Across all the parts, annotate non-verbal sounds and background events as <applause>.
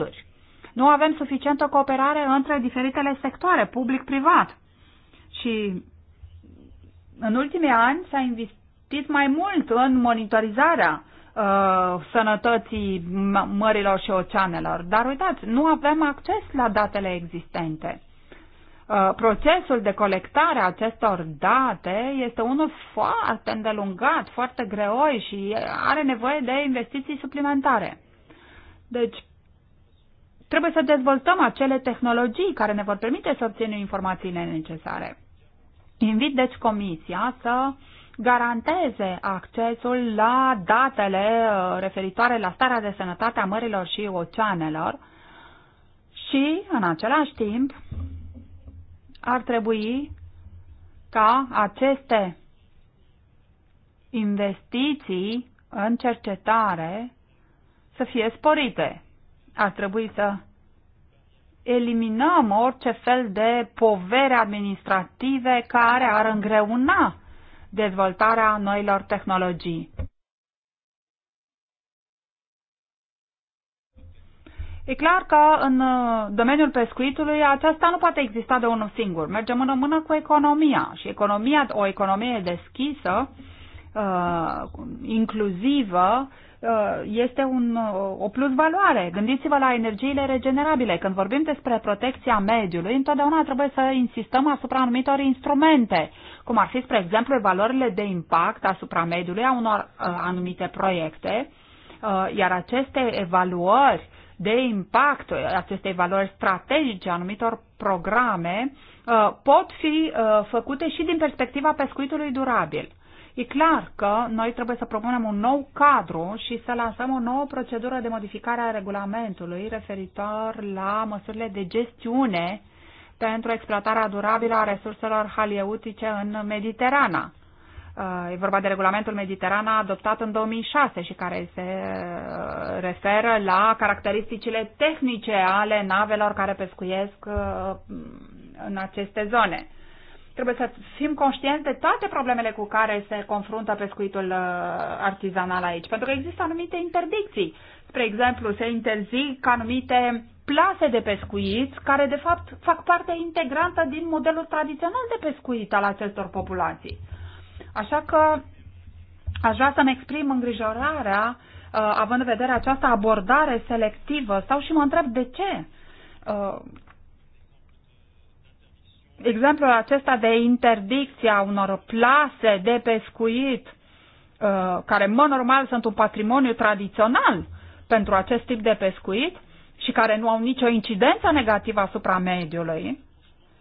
fonduri. Nu avem suficientă cooperare între diferitele sectoare, public-privat. Și în ultimii ani s-a investit mai mult în monitorizarea uh, sănătății mărilor și oceanelor. Dar uitați, nu avem acces la datele existente. Uh, procesul de colectare a acestor date este unul foarte îndelungat, foarte greoi și are nevoie de investiții suplimentare. Deci, Trebuie să dezvoltăm acele tehnologii care ne vor permite să obținem informațiile necesare. Invit deci Comisia să garanteze accesul la datele uh, referitoare la starea de sănătate a mărilor și oceanelor și, în același timp, ar trebui ca aceste investiții în cercetare să fie sporite. Ar trebui să eliminăm orice fel de povere administrative care ar îngreuna dezvoltarea noilor tehnologii. E clar că în uh, domeniul pescuitului acesta nu poate exista de unul singur. Mergem în mână cu economia și economia, o economie deschisă, uh, inclusivă, uh, Uh, este un, uh, o plus valoare. Gândiți-vă la energiile regenerabile. Când vorbim despre protecția mediului, întotdeauna trebuie să insistăm asupra anumitor instrumente, cum ar fi, spre exemplu, valorile de impact asupra mediului a unor uh, anumite proiecte, iar aceste evaluări de impact, aceste valori strategice anumitor programe pot fi făcute și din perspectiva pescuitului durabil. E clar că noi trebuie să propunem un nou cadru și să lansăm o nouă procedură de modificare a regulamentului referitor la măsurile de gestiune pentru exploatarea durabilă a resurselor halieutice în Mediterana. Uh, e vorba de regulamentul Mediterana adoptat în 2006 și care se uh, referă la caracteristicile tehnice ale navelor care pescuiesc uh, în aceste zone. Trebuie să fim conștienți de toate problemele cu care se confruntă pescuitul uh, artizanal aici, pentru că există anumite interdicții. Spre exemplu, se interzic anumite plase de pescuit care, de fapt, fac parte integrantă din modelul tradițional de pescuit al acestor populații. Așa că aș vrea să-mi exprim îngrijorarea, uh, având în vedere această abordare selectivă, sau și mă întreb de ce uh, exemplul acesta de interdicție a unor plase de pescuit, uh, care, în mod normal, sunt un patrimoniu tradițional pentru acest tip de pescuit și care nu au nicio incidență negativă asupra mediului,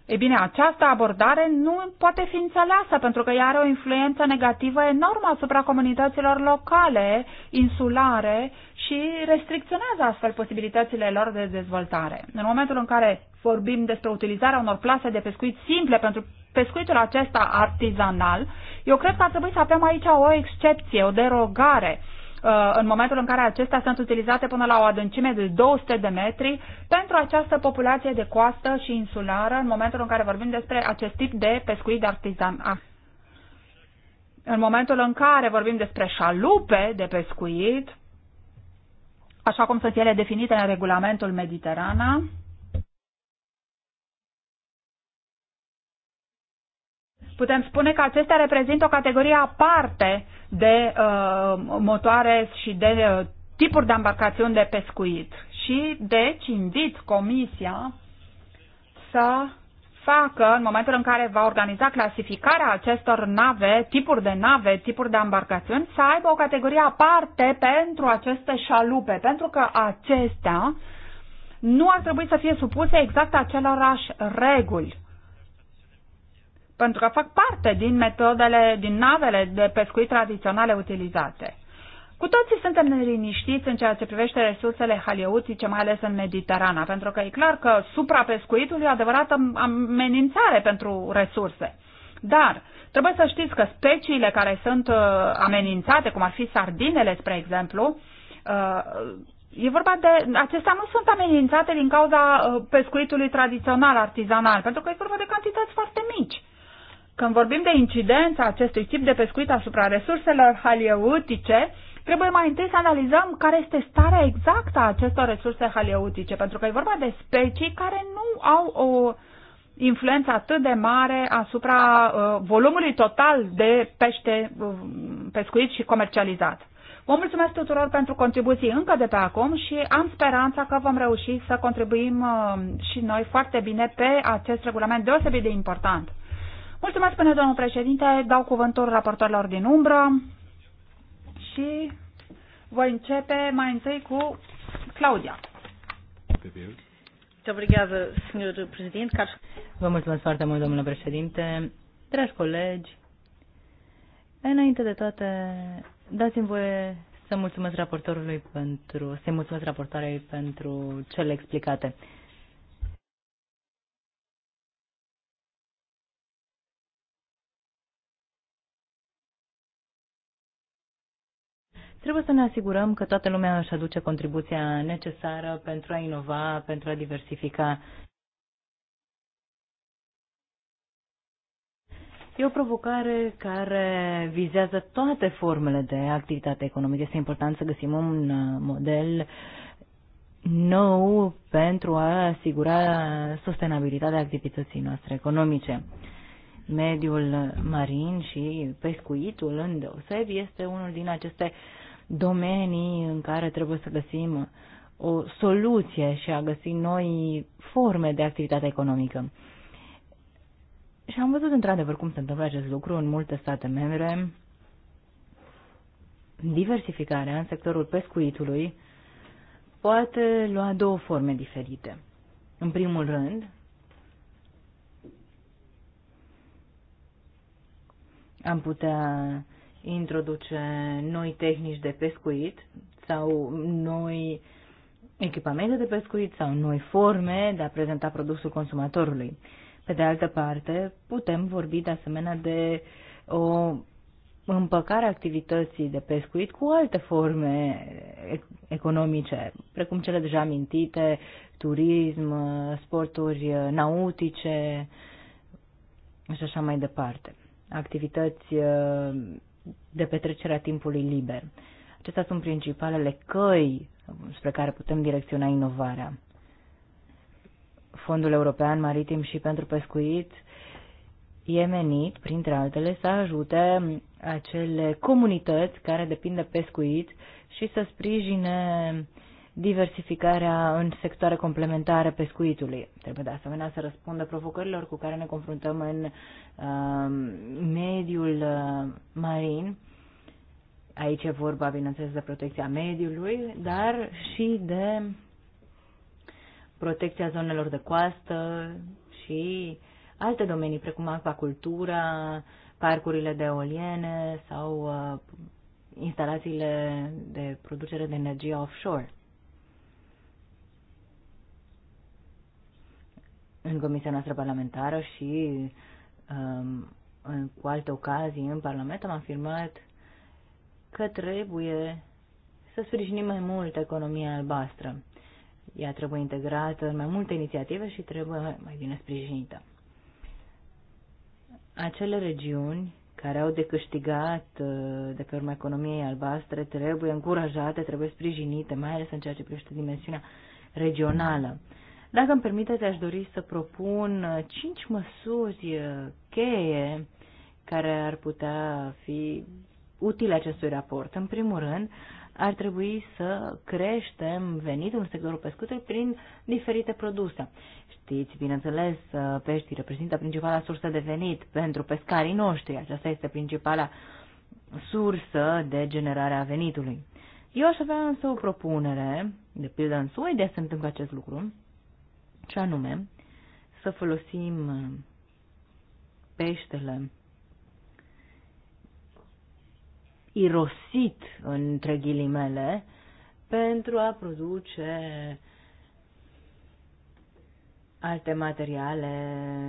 e bine, această abordare nu poate fi înțeleasă pentru că ea are o influență negativă enormă asupra comunităților locale, insulare și restricționează astfel posibilitățile lor de dezvoltare. În momentul în care vorbim despre utilizarea unor plase de pescuit simple pentru pescuitul acesta artizanal, eu cred că ar trebui să avem aici o excepție, o derogare uh, în momentul în care acestea sunt utilizate până la o adâncime de 200 de metri pentru această populație de coastă și insulară în momentul în care vorbim despre acest tip de pescuit artizan. Ah. În momentul în care vorbim despre șalupe de pescuit, așa cum sunt ele definite în regulamentul Mediterana, putem spune că acestea reprezintă o categorie aparte de uh, motoare și de uh, tipuri de embarcațiuni de pescuit. Și deci invit Comisia să facă în momentul în care va organiza clasificarea acestor nave, tipuri de nave, tipuri de embarcațiuni, să aibă o categorie aparte pentru aceste șalupe, pentru că acestea nu ar trebui să fie supuse exact acelorași reguli. Pentru că fac parte din metodele, din navele de pescuit tradiționale utilizate. Cu toții suntem neliniștiți în ceea ce privește resursele haleutice, mai ales în Mediterana, pentru că e clar că suprapescuitul e o adevărată amenințare pentru resurse. Dar trebuie să știți că speciile care sunt uh, amenințate, cum ar fi sardinele, spre exemplu, uh, E vorba de. Acestea nu sunt amenințate din cauza uh, pescuitului tradițional, artizanal, pentru că e vorba de cantități foarte mici. Când vorbim de incidența acestui tip de pescuit asupra resurselor halieutice, Trebuie mai întâi să analizăm care este starea exactă a acestor resurse haleutice, pentru că e vorba de specii care nu au o influență atât de mare asupra uh, volumului total de pește uh, pescuit și comercializat. Vă mulțumesc tuturor pentru contribuții încă de pe acum și am speranța că vom reuși să contribuim uh, și noi foarte bine pe acest regulament deosebit de important. Mulțumesc până domnul președinte, dau cuvântul raportorilor din umbră și voi începe mai întâi cu Claudia. Vă mulțumesc foarte mult, domnule președinte. Dragi colegi, înainte de toate, dați-mi voie să mulțumesc raportorului pentru, să mulțumesc raportoarei pentru cele explicate. Trebuie să ne asigurăm că toată lumea își aduce contribuția necesară pentru a inova, pentru a diversifica. E o provocare care vizează toate formele de activitate economică. Este important să găsim un uh, model nou pentru a asigura sustenabilitatea activității noastre economice mediul marin și pescuitul în deosebi este unul din aceste domenii în care trebuie să găsim o soluție și a găsi noi forme de activitate economică. Și am văzut într-adevăr cum se întâmplă acest lucru în multe state membre. Diversificarea în sectorul pescuitului poate lua două forme diferite. În primul rând, am putea introduce noi tehnici de pescuit sau noi echipamente de pescuit sau noi forme de a prezenta produsul consumatorului. Pe de altă parte, putem vorbi de asemenea de o împăcare activității de pescuit cu alte forme economice, precum cele deja amintite, turism, sporturi nautice și așa mai departe. Activități de petrecerea timpului liber. Acestea sunt principalele căi spre care putem direcționa inovarea. Fondul European Maritim și pentru Pescuit e menit, printre altele, să ajute acele comunități care depind de pescuit și să sprijine uh, diversificarea în sectoare complementare pescuitului. Trebuie de asemenea să răspundă provocărilor cu care ne confruntăm în uh, mediul uh, marin. Aici e vorba, bineînțeles, de protecția mediului, dar și de protecția zonelor de coastă și alte domenii, precum acvacultura, parcurile de eoliene sau uh, instalațiile de producere de energie offshore. în comisia noastră parlamentară și um, în, cu alte ocazii în Parlament am afirmat că trebuie să sprijinim mai mult economia albastră. Ea trebuie integrată în mai multe inițiative și trebuie mai bine sprijinită. Acele regiuni care au de câștigat uh, de pe urma economiei albastre trebuie încurajate, trebuie sprijinite, mai ales în ceea ce privește dimensiunea regională. Mm dacă îmi permiteți, aș dori să propun uh, cinci măsuri uh, cheie care ar putea fi utile acestui raport. În primul rând, ar trebui să creștem venitul în sectorul pescuitului prin diferite produse. Știți, bineînțeles, uh, peștii reprezintă principala sursă de venit pentru pescarii noștri. Aceasta este principala sursă de generare a venitului. Eu aș avea însă o propunere, de pildă în Suedia se întâmplă acest lucru, ce anume să folosim uh, peștele irosit, între ghilimele, pentru a produce alte materiale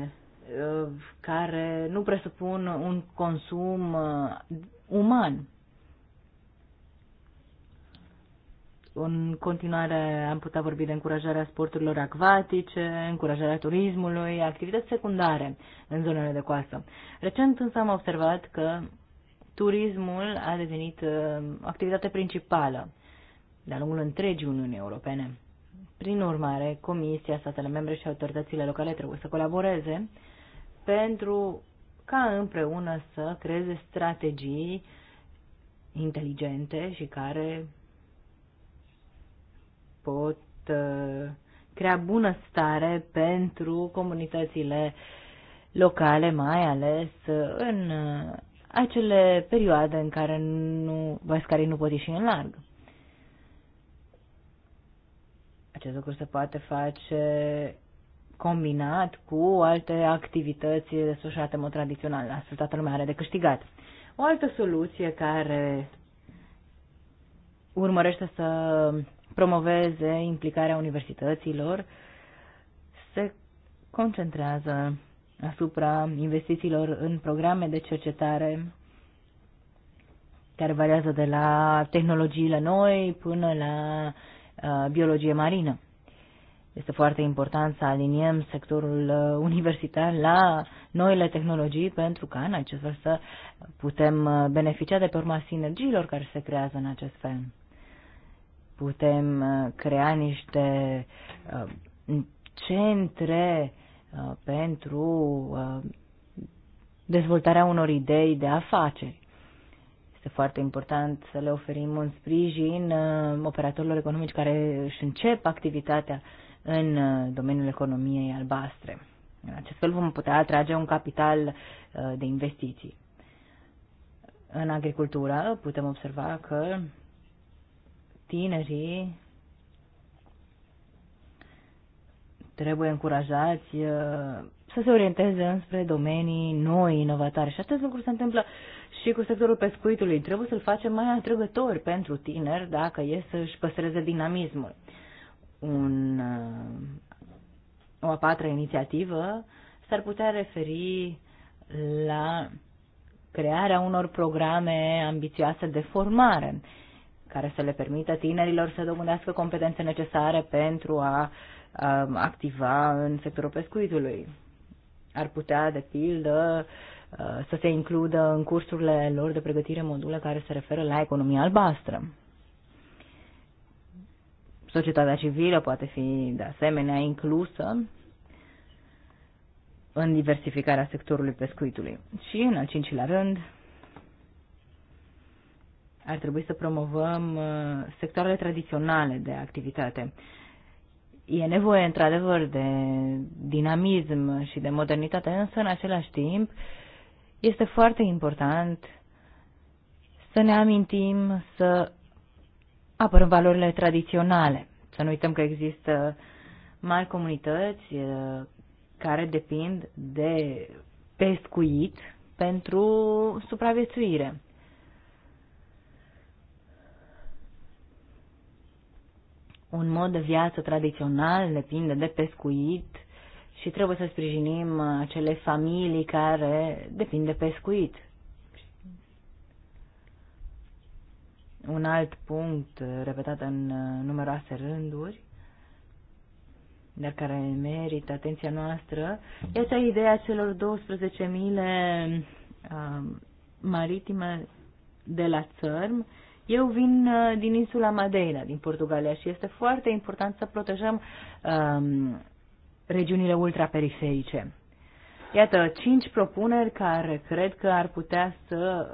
uh, care nu presupun un consum uh, uman. În continuare am putea vorbi de încurajarea sporturilor acvatice, încurajarea turismului, activități secundare în zonele de coastă. Recent însă am observat că turismul a devenit uh, activitate principală de-a lungul întregii Uniunii Europene. Prin urmare, Comisia, statele membre și autoritățile locale trebuie să colaboreze pentru ca împreună să creeze strategii inteligente și care pot uh, crea bună stare pentru comunitățile locale, mai ales uh, în uh, acele perioade în care nu, vascarii nu pot ieși în larg. Acest lucru se poate face combinat cu alte activități desfășurate în mod tradițional. Astfel toată lumea are de câștigat. O altă soluție care urmărește să promoveze implicarea universităților, se concentrează asupra investițiilor în programe de cercetare care variază de la tehnologiile noi până la uh, biologie marină. Este foarte important să aliniem sectorul uh, universitar la noile tehnologii pentru ca în acest fel să putem uh, beneficia de pe urma sinergiilor care se creează în acest fel putem uh, crea niște uh, centre uh, pentru dezvoltarea unor idei de afaceri. Este foarte important să le oferim un sprijin operatorilor economici care își încep activitatea în domeniul economiei albastre. În acest fel vom putea atrage un capital de investiții. În agricultură putem observa că tinerii trebuie încurajați uh, să se orienteze înspre domenii noi, inovatoare. Și acest lucru se întâmplă și cu sectorul pescuitului. Trebuie să-l facem mai atrăgător pentru tineri dacă e să-și păstreze dinamismul. Un, uh, o a patra inițiativă s-ar putea referi la crearea unor programe ambițioase de formare care să le permită tinerilor să domânească competențe necesare pentru a um, activa în sectorul pescuitului. Ar putea, de pildă, uh, să se includă în cursurile lor de pregătire module care se referă la economia albastră. Societatea civilă poate fi, de asemenea, inclusă în diversificarea sectorului pescuitului. Și, în al cincilea rând, ar trebui să promovăm uh, sectoarele tradiționale de activitate. E nevoie, într-adevăr, de dinamism și de modernitate, însă, în același timp, este foarte important să ne amintim să apărăm valorile tradiționale. Să nu uităm că există mari comunități uh, care depind de pescuit pentru supraviețuire. un mod de viață tradițional, depinde de pescuit și trebuie să sprijinim acele familii care depind de pescuit. Un alt punct repetat în numeroase rânduri, dar care merită atenția noastră, este ideea celor 12.000 um, maritime de la țărm, eu vin uh, din insula Madeira, din Portugalia, și este foarte important să protejăm um, regiunile ultraperiferice. Iată, cinci propuneri care cred că ar putea să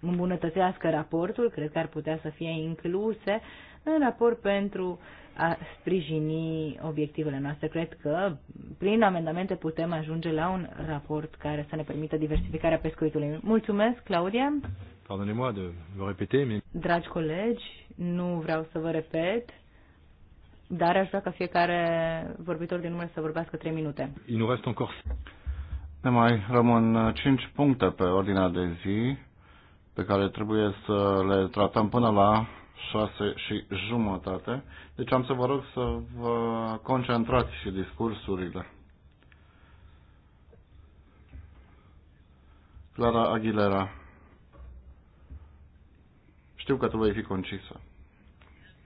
îmbunătățească raportul, cred că ar putea să fie incluse în raport pentru a sprijini obiectivele noastre. Cred că prin amendamente putem ajunge la un raport care să ne permită diversificarea pescuitului. Mulțumesc, Claudia! Pardonnez-moi de vă répéter, mais... Dragi colegi, nu vreau să vă repet, dar aș vrea ca fiecare vorbitor din numere să vorbească 3 minute. Il nous reste encore... Ne mai rămân 5 uh, puncte pe ordinea de zi pe care trebuie să le tratăm până la 6 și jumătate. Deci am să vă rog să vă concentrați și discursurile. Clara Aguilera. Știu că tu vei fi concisă.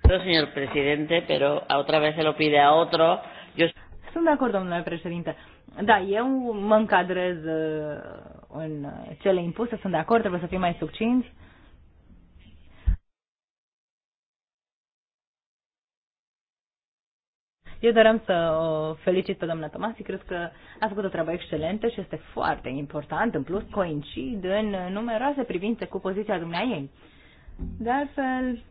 Păi, señor președinte, pero otra vez se lo pide a otro. Yo... Sunt de acord, domnule președinte. Da, eu mă încadrez uh, în cele impuse, sunt de acord, trebuie să fim mai succinți. Eu doream să o felicit pe doamna Tomasi, cred că a făcut o treabă excelentă și este foarte important, în plus coincid în numeroase privințe cu poziția dumneavoastră. ei. De altfel,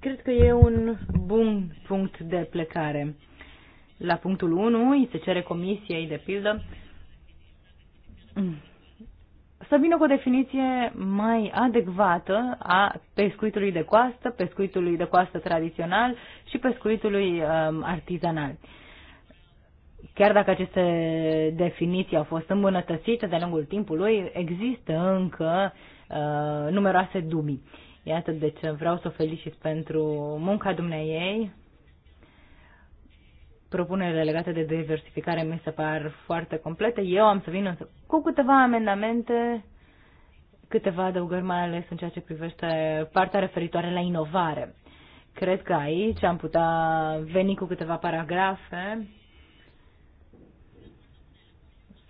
cred că e un bun punct de plecare. La punctul 1 îi se cere comisiei, de pildă, să vină cu o definiție mai adecvată a pescuitului de coastă, pescuitului de coastă tradițional și pescuitului um, artizanal. Chiar dacă aceste definiții au fost îmbunătățite de-a lungul timpului, există încă uh, uh, numeroase dubii. Iată, deci vreau să o felicit pentru munca dumneiei. Propunerile legate de diversificare mi se par foarte complete. Eu am să vin însă cu câteva amendamente, câteva adăugări, mai ales în ceea ce privește partea referitoare la inovare. Cred că aici am putea veni cu câteva paragrafe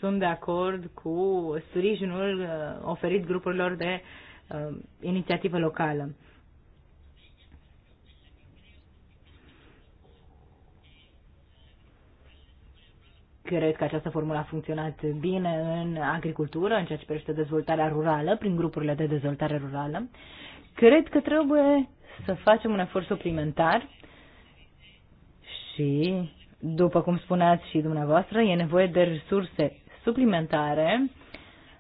sunt de acord cu sprijinul uh, oferit grupurilor de uh, inițiativă locală. Cred că această formulă a funcționat bine în agricultură, în ceea ce privește dezvoltarea rurală, prin grupurile de dezvoltare rurală. Cred că trebuie să facem un efort suplimentar și, după cum spuneați și dumneavoastră, e nevoie de resurse suplimentare,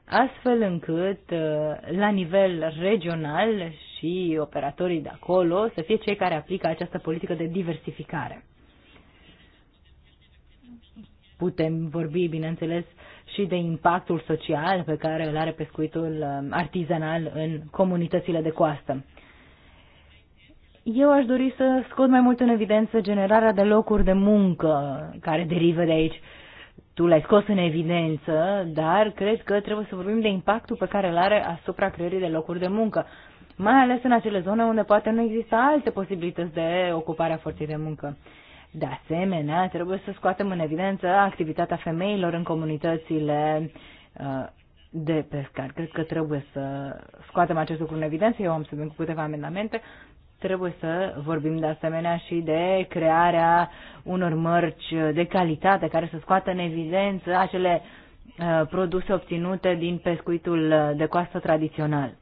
astfel încât uh, la nivel regional și operatorii de acolo să fie cei care aplică această politică de diversificare. Putem vorbi, bineînțeles, și de impactul social pe care îl are pescuitul um, artizanal în comunitățile de coastă. Eu aș dori să scot mai mult în evidență generarea de locuri de muncă care derivă de aici tu l-ai scos în evidență, dar cred că trebuie să vorbim de impactul pe care îl are asupra creării de locuri de muncă, mai ales în acele zone unde poate nu există alte posibilități de ocupare a forței de muncă. De asemenea, trebuie să scoatem în evidență activitatea femeilor în comunitățile uh, de pescar. Cred că trebuie să scoatem acest lucru în evidență. Eu am să cu câteva amendamente Trebuie să vorbim de asemenea și de crearea unor mărci de calitate care să scoată în evidență acele uh, produse obținute din pescuitul de coastă tradițional.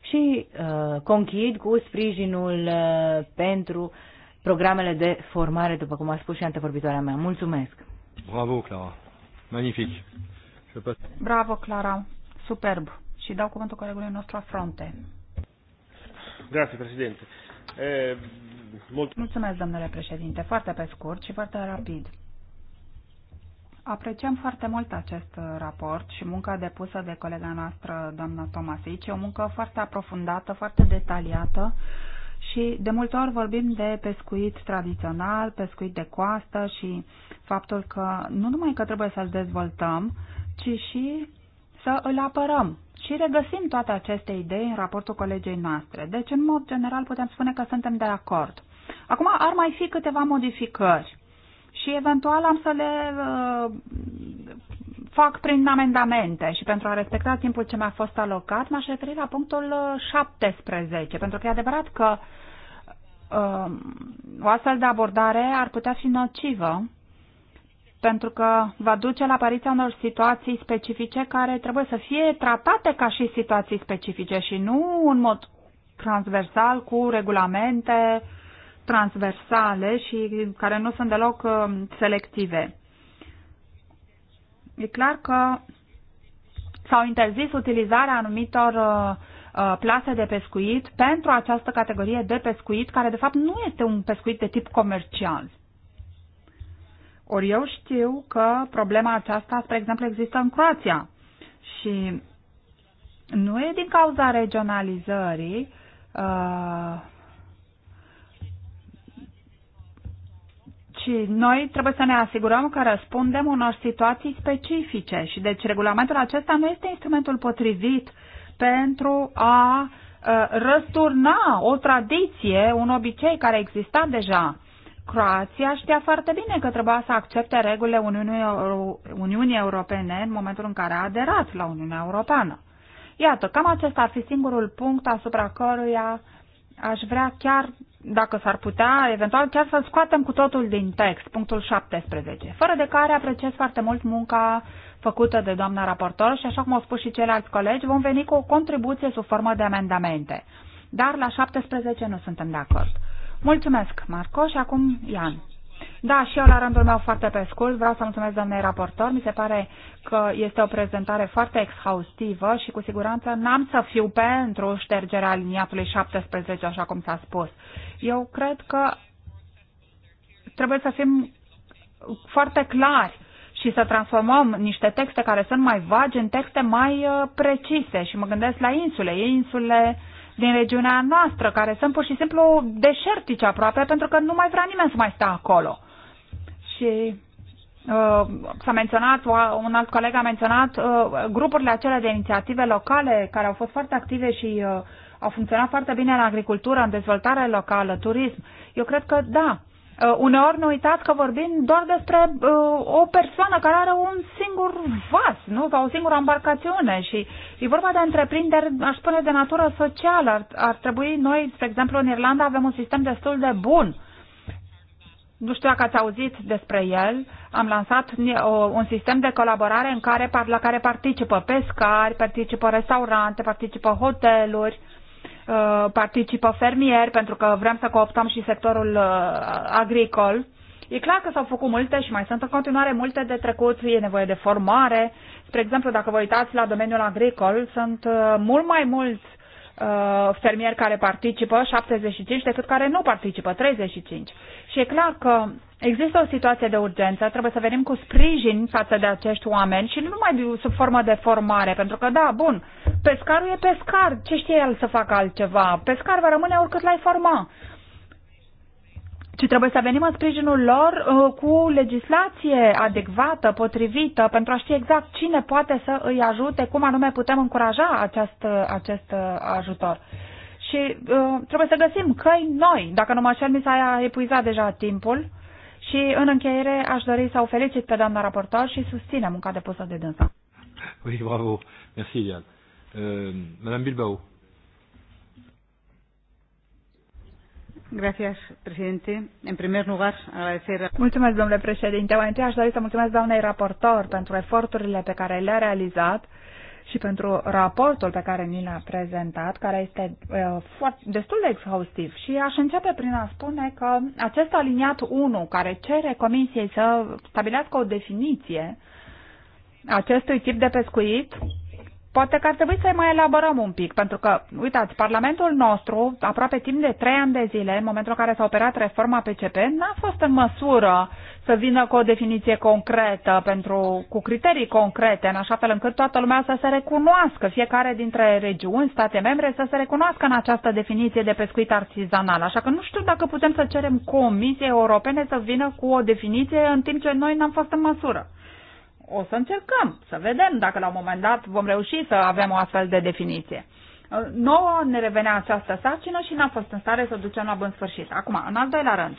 Și uh, conchid cu sprijinul uh, pentru programele de formare, după cum a spus și antevorbitoarea mea. Mulțumesc! Bravo, Clara! Magnific! Bravo, Clara! Superb! Și dau cuvântul colegului nostru Fronte. Grazie, Presidente. E, eh, mult... Mulțumesc, domnule președinte. Foarte pe scurt și foarte rapid. Apreciem foarte mult acest raport și munca depusă de colega noastră, doamna Tomasici. E o muncă foarte aprofundată, foarte detaliată și de multe ori vorbim de pescuit tradițional, pescuit de coastă și faptul că nu numai că trebuie să-l dezvoltăm, ci și să îl apărăm și regăsim toate aceste idei în raportul colegei noastre. Deci, în mod general, putem spune că suntem de acord. Acum ar mai fi câteva modificări și eventual am să le uh, fac prin amendamente și pentru a respecta timpul ce mi-a fost alocat, m-aș referi la punctul 17, uh, pentru că e adevărat că uh, o astfel de abordare ar putea fi nocivă pentru că va duce la apariția unor situații specifice care trebuie să fie tratate ca și situații specifice și nu în mod transversal cu regulamente transversale și care nu sunt deloc uh, selective. E clar că s-au interzis utilizarea anumitor uh, uh, plase de pescuit pentru această categorie de pescuit, care de fapt nu este un pescuit de tip comercial. Ori eu știu că problema aceasta, spre exemplu, există în Croația și nu e din cauza regionalizării uh, noi trebuie să ne asigurăm că răspundem unor situații specifice și deci regulamentul acesta nu este instrumentul potrivit pentru a uh, răsturna o tradiție, un obicei care exista deja. Croația știa foarte bine că trebuia să accepte regulile Uniunii, Euro- Uniunii Europene în momentul în care a aderat la Uniunea Europeană. Iată, cam acesta ar fi singurul punct asupra căruia aș vrea chiar, dacă s-ar putea, eventual chiar să scoatem cu totul din text, punctul 17, fără de care apreciez foarte mult munca făcută de doamna raportor și, așa cum au spus și ceilalți colegi, vom veni cu o contribuție sub formă de amendamente. Dar la 17 nu suntem de acord. Mulțumesc, Marco, și acum Ian. Da, și eu la rândul meu foarte pe scurt vreau să mulțumesc domnului raportor. Mi se pare că este o prezentare foarte exhaustivă și cu siguranță n-am să fiu pentru ștergerea aliniatului 17, așa cum s-a spus. Eu cred că trebuie să fim foarte clari și să transformăm niște texte care sunt mai vagi în texte mai uh, precise. Și mă gândesc la insule. Insule din regiunea noastră, care sunt pur și simplu deșertice aproape, pentru că nu mai vrea nimeni să mai stea acolo. Și uh, s-a menționat, un alt coleg a menționat uh, grupurile acelea de inițiative locale care au fost foarte active și uh, au funcționat foarte bine în agricultură, în dezvoltare locală, turism. Eu cred că da, Uh, uneori ne uitați că vorbim doar despre uh, o persoană care are un singur vas, nu? Sau o singură embarcațiune și e vorba de întreprinderi, aș spune, de natură socială. Ar, ar trebui noi, spre exemplu, în Irlanda avem un sistem destul de bun. Nu știu dacă ați auzit despre el. Am lansat uh, un sistem de colaborare în care, la care participă pescari, participă restaurante, participă hoteluri. Uh, Uh, participă fermieri, pentru că vrem să cooptăm și sectorul uh, agricol. E clar că s-au făcut multe și mai sunt în continuare multe de trecut, e nevoie de formare. Spre exemplu, dacă vă uitați la domeniul agricol, sunt uh, mult mai mulți Uh, fermieri care participă, 75, decât care nu participă, 35. Și e clar că există o situație de urgență, trebuie să venim cu sprijin față de acești oameni și nu numai sub formă de formare, pentru că, da, bun, pescarul e pescar, ce știe el să facă altceva? Pescar va rămâne oricât l-ai forma ci trebuie să venim în sprijinul lor uh, cu legislație adecvată, potrivită, pentru a ști exact cine poate să îi ajute, cum anume putem încuraja acest, uh, acest uh, ajutor. Și uh, trebuie să găsim căi noi. Dacă nu mă așa, mi s-a epuizat deja timpul. Și în încheiere aș dori să o felicit pe doamna raportor și susține munca depusă de dânsa. Oui, bravo. Merci, Eliane. Euh, Madame Bilbao. Gracias, presidente. primer lugar, agradecer... Mulțumesc, domnule președinte. Mai întâi aș dori să mulțumesc doamnei raportor pentru eforturile pe care le-a realizat și pentru raportul pe care ni l-a prezentat, care este uh, foarte, destul de exhaustiv. Și aș începe prin a spune că acest aliniat 1, care cere Comisiei să stabilească o definiție acestui tip de pescuit, Poate că ar trebui să mai elaborăm un pic, pentru că, uitați, Parlamentul nostru, aproape timp de trei ani de zile, în momentul în care s-a operat reforma PCP, n-a fost în măsură să vină cu o definiție concretă, pentru, cu criterii concrete, în așa fel încât toată lumea să se recunoască, fiecare dintre regiuni, state membre, să se recunoască în această definiție de pescuit artizanal. Așa că nu știu dacă putem să cerem Comisiei Europene să vină cu o definiție în timp ce noi n-am fost în măsură. O să încercăm, să vedem dacă la un moment dat vom reuși să avem o astfel de definiție. Uh, nouă ne revenea această sarcină și n-am fost în stare să o ducem la bun sfârșit. Acum, în al doilea rând,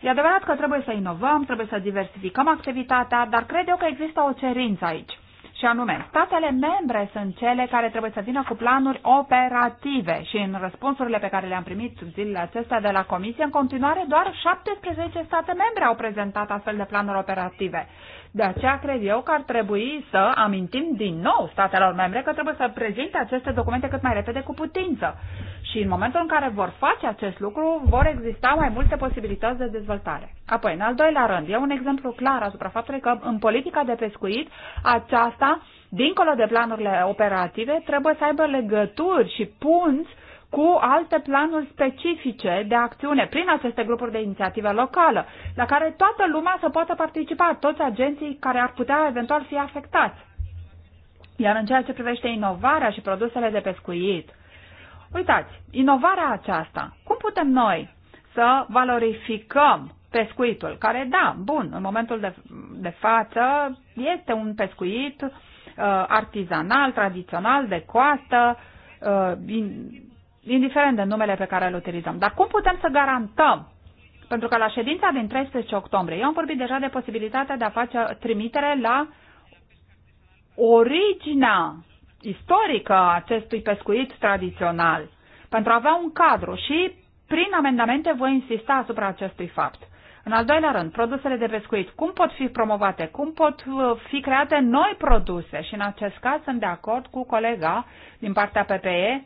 e adevărat că trebuie să inovăm, trebuie să diversificăm activitatea, dar cred eu că există o cerință aici. Și anume, statele membre sunt cele care trebuie să vină cu planuri operative și în răspunsurile pe care le-am primit zilele acestea de la Comisie, în continuare doar 17 state membre au prezentat astfel de planuri operative. De aceea cred eu că ar trebui să amintim din nou statelor membre că trebuie să prezinte aceste documente cât mai repede cu putință. Și în momentul în care vor face acest lucru, vor exista mai multe posibilități de dezvoltare. Apoi, în al doilea rând, e un exemplu clar asupra faptului că în politica de pescuit, aceasta, dincolo de planurile operative, trebuie să aibă legături și punți cu alte planuri specifice de acțiune prin aceste grupuri de inițiativă locală, la care toată lumea să poată participa, toți agenții care ar putea eventual fi afectați. Iar în ceea ce privește inovarea și produsele de pescuit, Uitați, inovarea aceasta, cum putem noi să valorificăm pescuitul, care, da, bun, în momentul de, de față este un pescuit uh, artizanal, tradițional, de coastă, uh, in, indiferent de numele pe care îl utilizăm. Dar cum putem să garantăm? Pentru că la ședința din 13 octombrie, eu am vorbit deja de posibilitatea de a face trimitere la originea istorică a acestui pescuit tradițional, pentru a avea un cadru și prin amendamente voi insista asupra acestui fapt. În al doilea rând, produsele de pescuit, cum pot fi promovate, cum pot uh, fi create noi produse și în acest caz sunt de acord cu colega din partea PPE,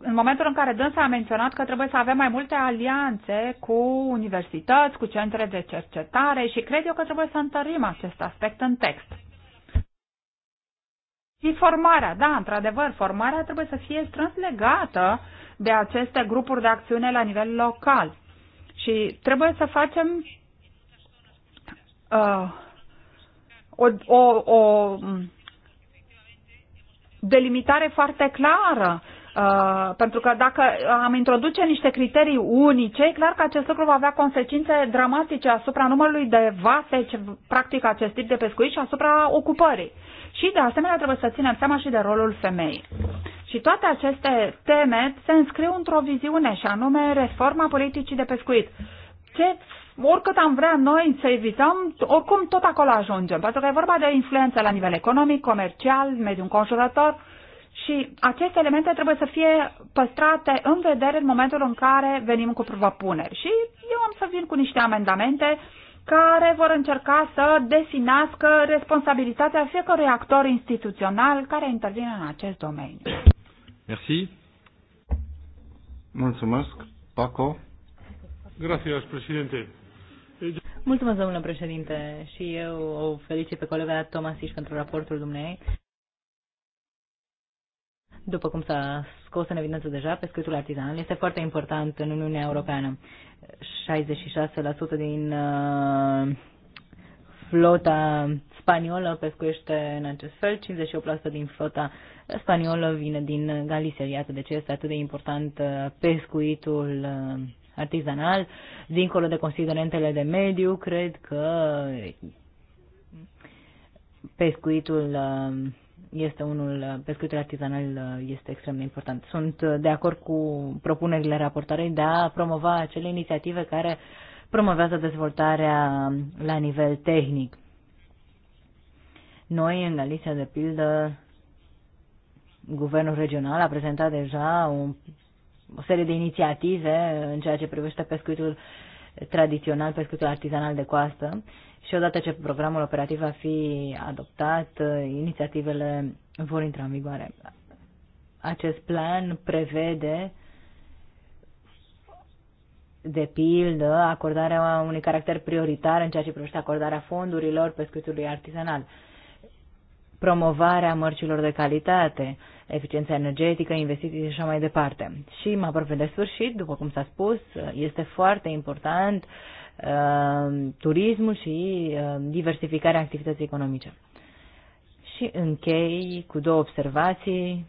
în momentul în care dânsa a menționat că trebuie să avem mai multe alianțe cu universități, cu centre de cercetare și cred eu că trebuie să întărim acest aspect în text. Și formarea, da, într-adevăr, formarea trebuie să fie strâns legată de aceste grupuri de acțiune la nivel local. Și trebuie să facem uh, o, o, o mm, delimitare foarte clară. Uh, pentru că dacă am introduce niște criterii unice, e clar că acest lucru va avea consecințe dramatice asupra numărului de vase ce practică acest tip de pescuit și asupra ocupării. Și, de asemenea, trebuie să ținem seama și de rolul femeii. Și toate aceste teme se înscriu într-o viziune, și anume reforma politicii de pescuit. Ce oricât am vrea noi să evităm, oricum tot acolo ajungem, pentru că e vorba de influență la nivel economic, comercial, mediul înconjurător și aceste elemente trebuie să fie păstrate în vedere în momentul în care venim cu propuneri. Și eu am să vin cu niște amendamente uh, care vor încerca să definească responsabilitatea fiecărui actor instituțional care intervine în acest domeniu. Merci. Mulțumesc. Paco. Gracias, președinte. Mulțumesc, domnule președinte, și eu o felicit pe colega Tomasiș pentru raportul dumnei. După cum s-a scos în evidență deja, pescuitul artizanal este foarte important în Uniunea Europeană. 66% din uh, flota spaniolă pescuiește în acest fel, 58% din flota spaniolă vine din Galicia. Iată de ce este atât de important uh, pescuitul uh, artizanal. Dincolo de considerentele de mediu, cred că pescuitul este unul, uh, pescuitul artizanal uh, este extrem de important. Sunt uh, de acord cu propunerile raportarei de a promova acele inițiative care promovează dezvoltarea la nivel tehnic. Noi, în Galicia, de pildă, guvernul regional a prezentat deja un, o serie de inițiative în ceea ce privește pescuitul tradițional, pescuitul artizanal de coastă și odată ce programul operativ va fi adoptat, inițiativele vor intra în vigoare. Acest plan prevede de pildă, acordarea unui caracter prioritar în ceea ce privește acordarea fondurilor pescuitului artizanal, promovarea mărcilor de calitate, eficiența energetică, investiții și așa mai departe. Și mă apropie de sfârșit, după cum s-a spus, este foarte important uh, turismul și uh, diversificarea activității economice. Și închei cu două observații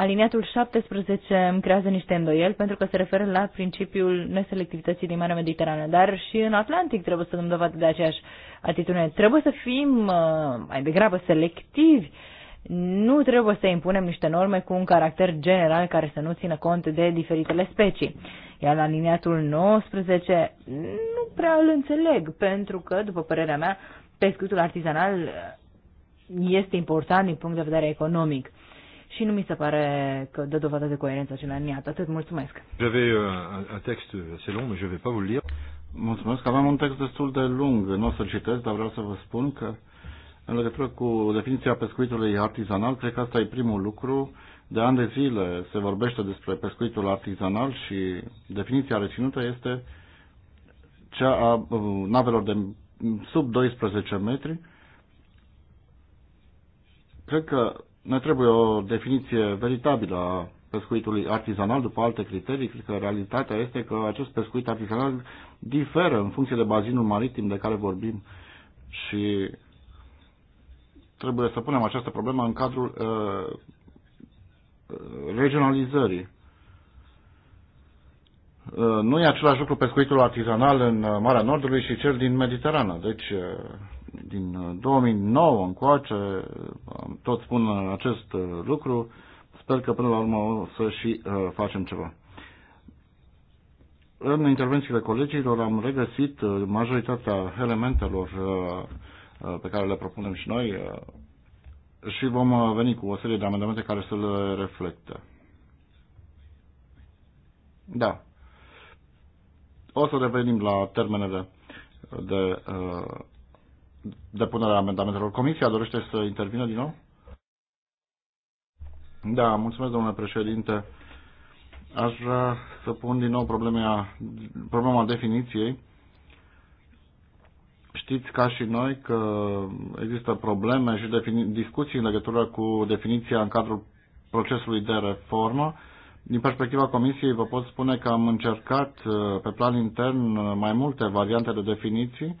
Aliniatul 17 îmi creează niște îndoieli pentru că se referă la principiul neselectivității din Marea Mediterană, dar și în Atlantic trebuie să dăm dovadă de aceeași atitudine. Trebuie să fim uh, mai degrabă selectivi, nu trebuie să impunem niște norme cu un caracter general care să nu țină cont de diferitele specii. Iar la aliniatul 19 nu prea îl înțeleg, pentru că, după părerea mea, pescuitul artizanal este important din punct de vedere economic și nu mi se pare că dă dovadă de coerență acela niat. Atât, mulțumesc. J'avais uh, un text assez long, mais je vais pas vous le lire. Mulțumesc. Aveam un text destul de lung. Nu o să-l citesc, dar vreau să vă spun că în legătură cu definiția pescuitului artizanal, cred că asta e primul lucru. De ani de zile se vorbește despre pescuitul artizanal și definiția reținută este cea a uh, navelor de sub 12 metri. Cred că ne trebuie o definiție veritabilă a pescuitului artizanal după alte criterii. Cred că realitatea este că acest pescuit artizanal diferă în funcție de bazinul maritim de care vorbim și trebuie să punem această problemă în cadrul uh, uh regionalizării. Uh, nu e același lucru pescuitul artizanal în uh, Marea Nordului și cel din Mediterană. Deci din 2009 uh, încoace, tot spun acest uh, lucru, sper că până la urmă o să și uh, facem ceva. În intervențiile colegilor am regăsit uh, majoritatea elementelor pe care le propunem și noi și vom veni cu o serie de amendamente care să le reflecte. Da. O să revenim la termenele de depunerea amendamentelor. Comisia dorește să intervină din nou? Da, mulțumesc, domnule președinte. Aș vrea să pun din nou problema, problema definiției. Știți ca și noi că există probleme și discuții în legătură cu definiția în cadrul procesului de reformă. Din perspectiva Comisiei vă pot spune că am încercat uh, pe plan intern uh, mai multe variante de definiții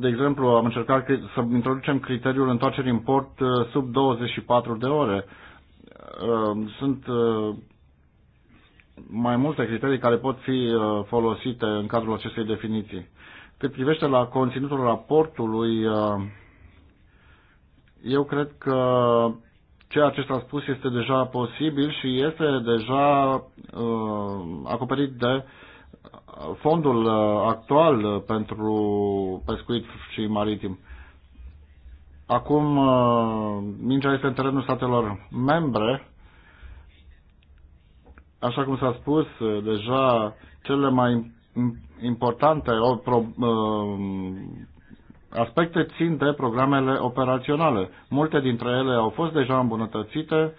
De exemplu, am încercat să introducem criteriul întoarcerii în port uh, sub 24 de ore. Uh, sunt uh, mai multe criterii care pot fi folosite în cadrul acestei definiții. Cât privește la conținutul raportului, eu cred că ceea ce s-a spus este deja posibil și este deja acoperit de uh, fondul uh, actual uh, pentru pescuit și maritim. Acum uh, mingea este în terenul statelor membre. Așa cum s-a spus, deja cele mai importante aspecte țin de programele operaționale. Multe dintre ele au fost deja îmbunătățite,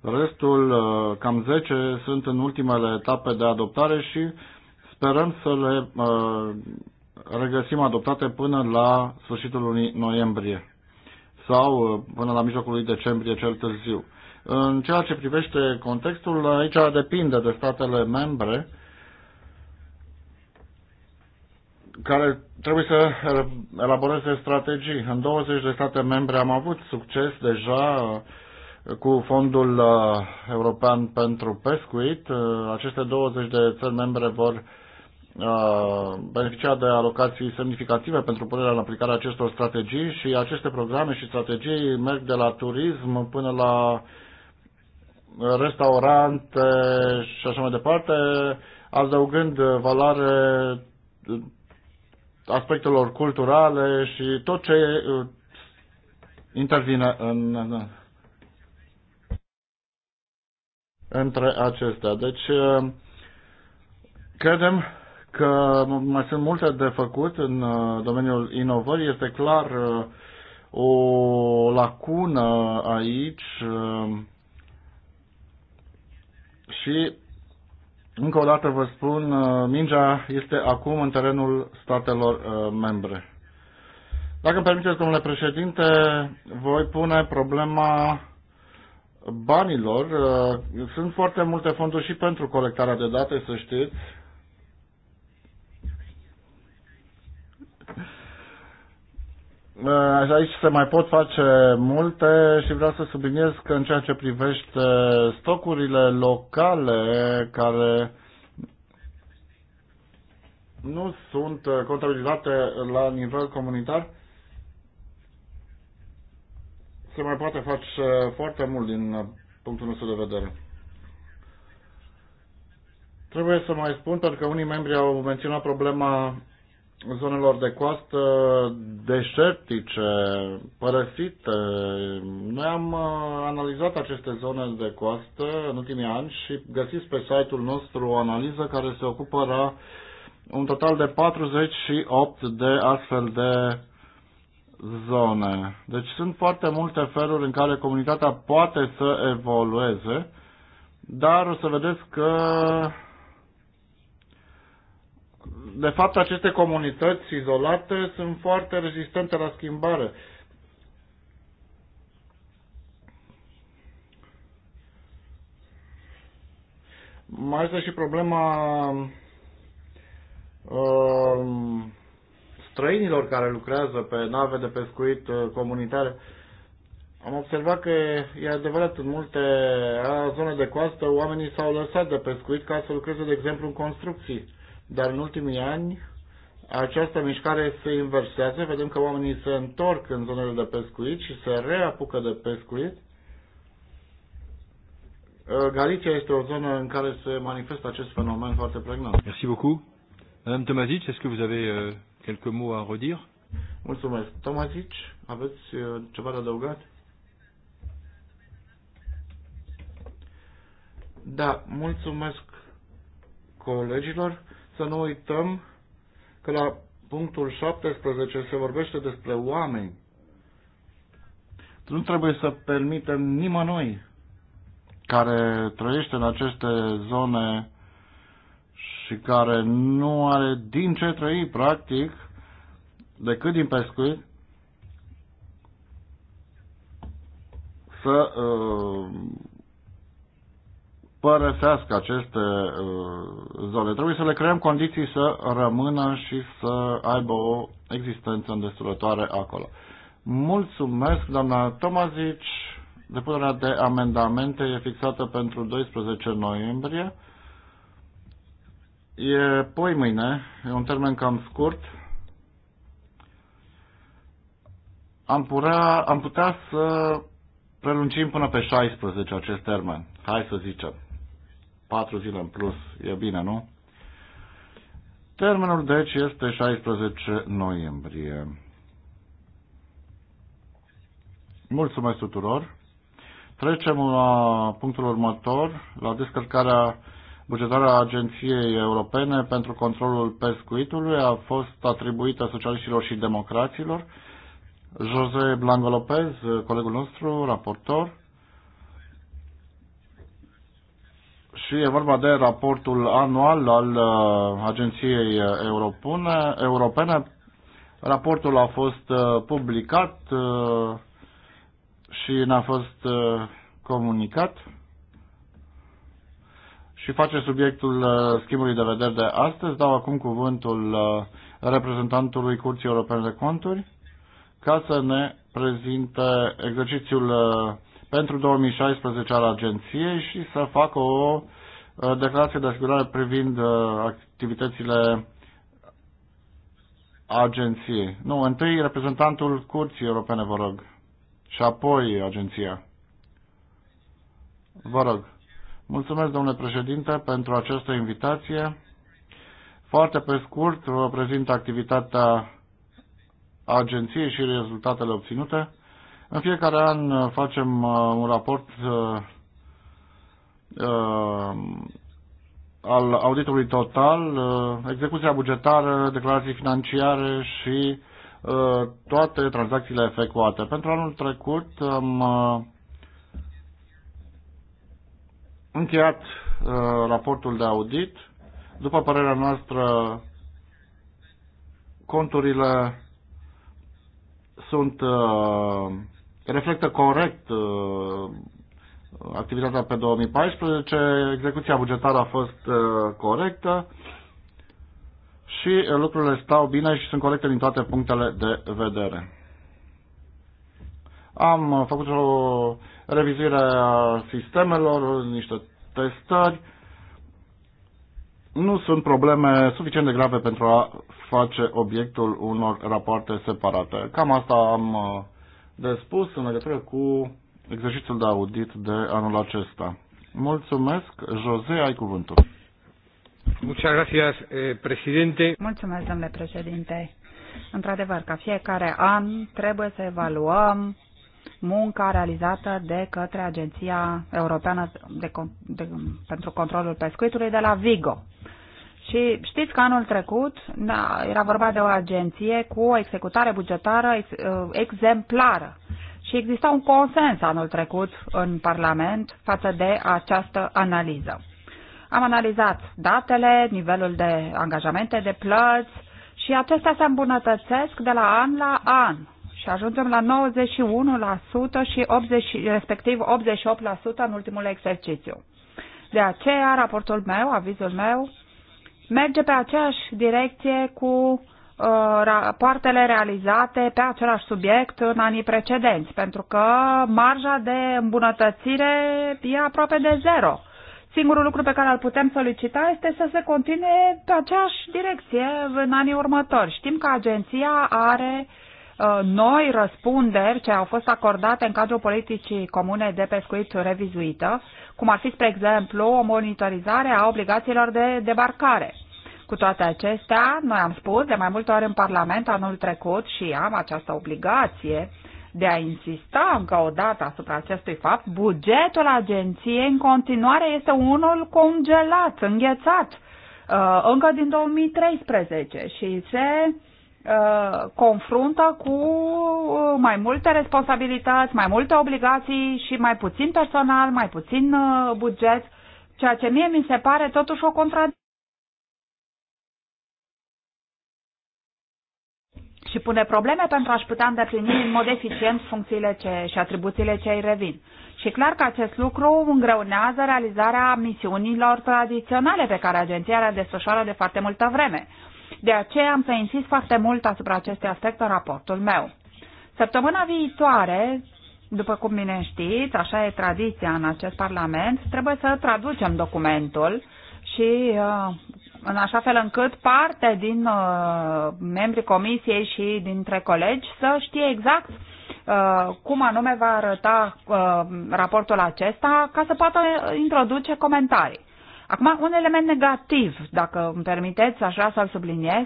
restul, cam 10, sunt în ultimele etape de adoptare și Sperăm să le uh, regăsim adoptate până la sfârșitul lunii noiembrie sau uh, până la mijlocul lui decembrie cel târziu. În ceea ce privește contextul, aici depinde de statele membre care trebuie să elaboreze strategii. În 20 de state membre am avut succes deja cu Fondul uh, European pentru Pescuit. Aceste 20 de țări membre vor Uh, beneficiat de alocații semnificative pentru punerea în aplicare acestor strategii și aceste programe și strategii merg de la turism până la restaurante și așa mai departe, adăugând valoare aspectelor culturale și tot ce uh, intervine în, între acestea. Deci, uh, credem că mai sunt multe de făcut în uh, domeniul inovării. Este clar uh, o lacună aici uh, și încă o dată vă spun, mingea este acum în terenul statelor membre. Dacă îmi permiteți, domnule președinte, voi pune problema banilor. Sunt foarte multe fonduri și pentru colectarea de date, să știți, Eh, aici se mai pot face multe și vreau să subliniez că în ceea ce privește stocurile locale care nu sunt eh, contabilizate la nivel comunitar, se mai poate face eh, foarte mult din punctul nostru de vedere. Trebuie să mai spun, pentru că unii membri au menționat problema zonelor de coastă deșertice, părăsite. Noi am uh, analizat aceste zone de coastă în ultimii ani și găsiți pe site-ul nostru o analiză care se ocupă la un total de 48 de astfel de zone. Deci sunt foarte multe feluri în care comunitatea poate să evolueze, dar o să vedeți că de fapt, aceste comunități izolate sunt foarte rezistente la schimbare. Mai este și problema uh, străinilor care lucrează pe nave de pescuit uh, comunitare. Am observat că e adevărat, în multe zone de coastă oamenii s-au lăsat de pescuit ca să lucreze, de exemplu, în construcții dar în ultimii ani această mișcare se inversează, vedem că oamenii se întorc în zonele de pescuit și se reapucă de pescuit. Uh, Galicia este o zonă în care se manifestă acest fenomen foarte pregnant. Merci beaucoup. Madame Tomazic, est-ce que vous avez euh, quelques mots à redire Mulțumesc. Tomazic, aveți uh, ceva de adăugat? Da, mulțumesc colegilor să nu uităm că la punctul 17 se vorbește despre oameni. Nu trebuie să permitem nimănui care trăiește în aceste zone și care nu are din ce trăi, practic, decât din pescuit, să uh, părăsească aceste uh, zone. Trebuie să le creăm condiții să rămână și să aibă o existență îndestulătoare acolo. Mulțumesc, doamna Tomazici. Depunerea de amendamente e fixată pentru 12 noiembrie. E poi mâine, e un termen cam scurt. Am putea, am putea să prelungim până pe 16 acest termen. Hai să zicem. 4 zile în plus. E bine, nu? Termenul, deci, este 16 noiembrie. Mulțumesc tuturor! Trecem la punctul următor, la descărcarea bugetară a Agenției Europene pentru controlul pescuitului. A fost atribuită socialiștilor și democraților. José Blanco Lopez, colegul nostru, raportor, și e vorba de raportul anual al uh, Agenției uh, Europune, Europene. Raportul a fost uh, publicat și n a fost comunicat și face subiectul schimbului de vedere de astăzi. Dau acum cuvântul reprezentantului Curții Europene de Conturi ca să ne prezinte exercițiul pentru 2016 al agenției și să facă o Uh, declarație de asigurare privind uh, activitățile agenției. Nu, întâi reprezentantul Curții Europene, vă rog, și apoi agenția. Vă rog. Mulțumesc, domnule președinte, pentru această invitație. Foarte pe scurt, vă prezint activitatea agenției și rezultatele obținute. În fiecare an uh, facem un raport Uh, al auditului total, uh, execuția bugetară, declarații financiare și uh, toate tranzacțiile efectuate. Pentru anul trecut am încheiat raportul de audit. După părerea noastră, conturile sunt reflectă corect activitatea pe 2014, execuția bugetară a fost uh, corectă și uh, lucrurile stau bine și sunt corecte din toate punctele de vedere. Am uh, făcut o revizuire a sistemelor, niște testări. Nu sunt probleme suficient de grave pentru a face obiectul unor rapoarte separate. Cam asta am de spus în legătură cu exercițiul de audit de anul acesta. Mulțumesc. Jose, ai cuvântul. Muchas gracias, eh, Mulțumesc, domnule președinte. Într-adevăr, ca fiecare an trebuie să evaluăm munca realizată de către Agenția Europeană de, de, pentru Controlul Pescuitului de la Vigo. Și știți că anul trecut da, era vorba de o agenție cu o executare bugetară ex, eh, exemplară. Și exista un consens anul trecut în Parlament față de această analiză. Am analizat datele, nivelul de angajamente, de plăți și acestea se îmbunătățesc de la an la an și ajungem la 91% și 80, respectiv 88% în ultimul exercițiu. De aceea, raportul meu, avizul meu, merge pe aceeași direcție cu Uh, rapoartele realizate pe același subiect în anii precedenți, pentru că marja de îmbunătățire e aproape de zero. Singurul lucru pe care îl putem solicita este să se continue pe aceeași direcție în anii următori. Știm că agenția are uh, noi răspunderi ce au fost acordate în cadrul politicii comune de pescuit revizuită, cum ar fi, spre exemplu, o monitorizare a obligațiilor de debarcare. Cu toate acestea, noi am spus de mai multe ori în Parlament anul trecut și am această obligație de a insista încă o dată asupra acestui fapt, bugetul agenției în continuare este unul congelat, înghețat, uh, încă din 2013 și se uh, confruntă cu mai multe responsabilități, mai multe obligații și mai puțin personal, mai puțin uh, buget, ceea ce mie mi se pare totuși o contradicție. și pune probleme pentru a-și putea îndeplini în mod eficient funcțiile ce, și atribuțiile ce îi revin. Și clar că acest lucru îngreunează realizarea misiunilor tradiționale pe care agenția le desfășoară de foarte multă vreme. De aceea am să insist foarte mult asupra acestui aspect în raportul meu. Săptămâna viitoare, după cum bine știți, așa e tradiția în acest Parlament, trebuie să traducem documentul și uh, în așa fel încât parte din uh, membrii comisiei și dintre colegi să știe exact uh, cum anume va arăta uh, raportul acesta ca să poată introduce comentarii. Acum, un element negativ, dacă îmi permiteți, aș vrea să-l subliniez,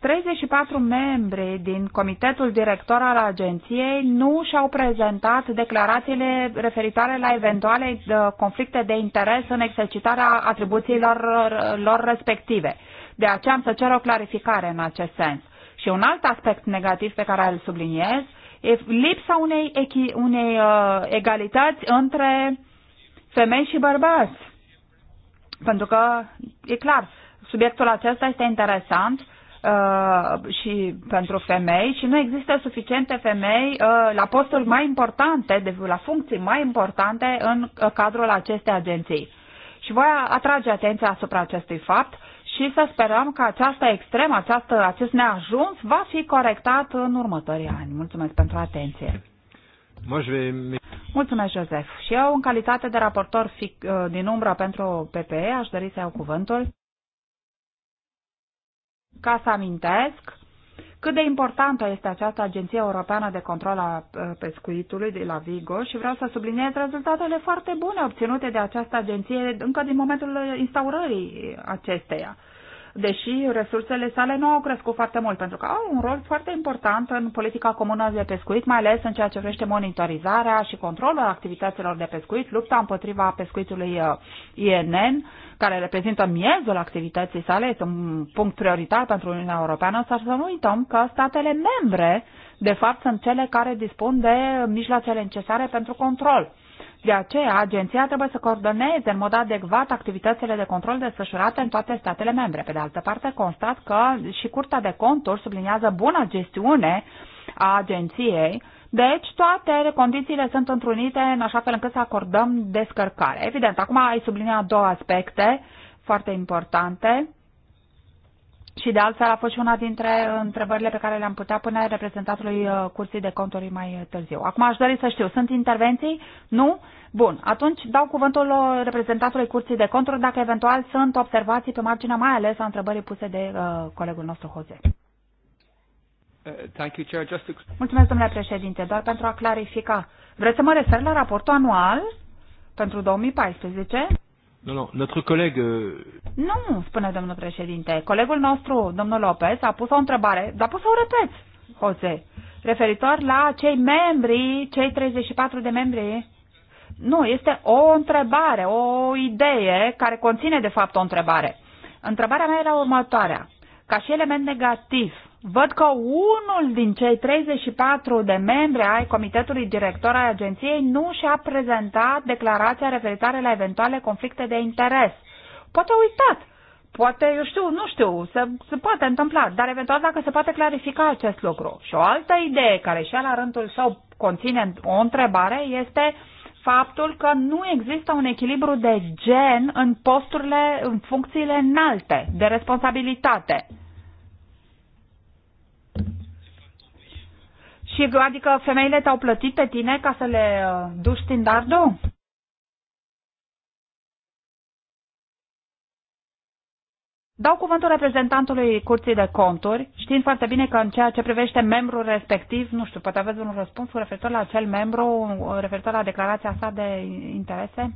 34 membri din comitetul director al agenției nu și-au prezentat declarațiile referitoare la eventuale uh, conflicte de interes în exercitarea atribuțiilor uh, lor respective. De aceea am să cer o clarificare în acest sens. Și un alt aspect negativ pe care îl subliniez e lipsa unei, echi, unei uh, egalități între femei și bărbați. Pentru că, e clar, subiectul acesta este interesant Uh, și pentru femei și nu există suficiente femei uh, la posturi mai importante, la funcții mai importante în uh, cadrul acestei agenții. Și voi atrage atenția asupra acestui fapt și să sperăm că această extremă, această, acest neajuns va fi corectat în următorii ani. Mulțumesc pentru atenție. Mulțumesc, Josef. Și eu, în calitate de raportor fi din umbră pentru PPE, aș dori să iau cuvântul ca să amintesc cât de importantă este această Agenție Europeană de Control a uh, Pescuitului de la Vigo și vreau să subliniez rezultatele foarte bune obținute de această agenție încă din momentul instaurării acesteia deși resursele sale nu au crescut foarte mult, pentru că au un rol foarte important în politica comună de pescuit, mai ales în ceea ce vrește monitorizarea și controlul activităților de pescuit, lupta împotriva pescuitului uh, INN, care reprezintă miezul activității sale, este un punct prioritar pentru Uniunea Europeană, să nu uităm că statele membre, de fapt, sunt cele care dispun de mijloacele necesare pentru control de aceea, agenția trebuie să coordoneze în mod adecvat activitățile de control desfășurate în toate statele membre. Pe de altă parte, constat că și Curtea de Conturi subliniază buna gestiune a agenției, deci toate condițiile sunt întrunite în așa fel încât să acordăm descărcare. Evident, acum ai subliniat două aspecte foarte importante și de altfel a fost și una dintre întrebările pe care le-am putea pune reprezentatului uh, Curții de Conturi mai uh, târziu. Acum aș dori să știu, sunt intervenții? Nu? Bun, atunci dau cuvântul uh, reprezentatului Curții de Conturi dacă eventual sunt observații pe marginea mai ales a întrebării puse de uh, colegul nostru Jose. Thank you, Chair. Just to... Mulțumesc, domnule președinte. Doar pentru a clarifica, vreți să mă refer la raportul anual pentru 2014? Nu, nu, notre coleg... Euh, nu, spune domnul președinte. Colegul nostru, domnul Lopez, a pus o întrebare, dar poți să o repeți, Jose, referitor la cei membri, cei 34 de membri. Nu, este o întrebare, o idee care conține, de fapt, o întrebare. Întrebarea mea era următoarea. Ca și element negativ, văd că unul din cei 34 de membri ai Comitetului Director al Agenției nu și-a prezentat declarația referitoare la eventuale conflicte de interes. Poate a uitat, poate, eu știu, nu știu, se, se poate întâmpla, dar eventual dacă se poate clarifica acest lucru. Și o altă idee care și la rândul său conține o întrebare este faptul că nu există un echilibru de gen în posturile, în funcțiile înalte de responsabilitate. Și adică femeile te-au plătit pe tine ca să le uh, duci din dardo? Dau cuvântul reprezentantului Curții de Conturi, știind foarte bine că în ceea ce privește membrul respectiv, nu știu, poate aveți un răspuns referitor la acel membru, referitor la declarația sa de interese?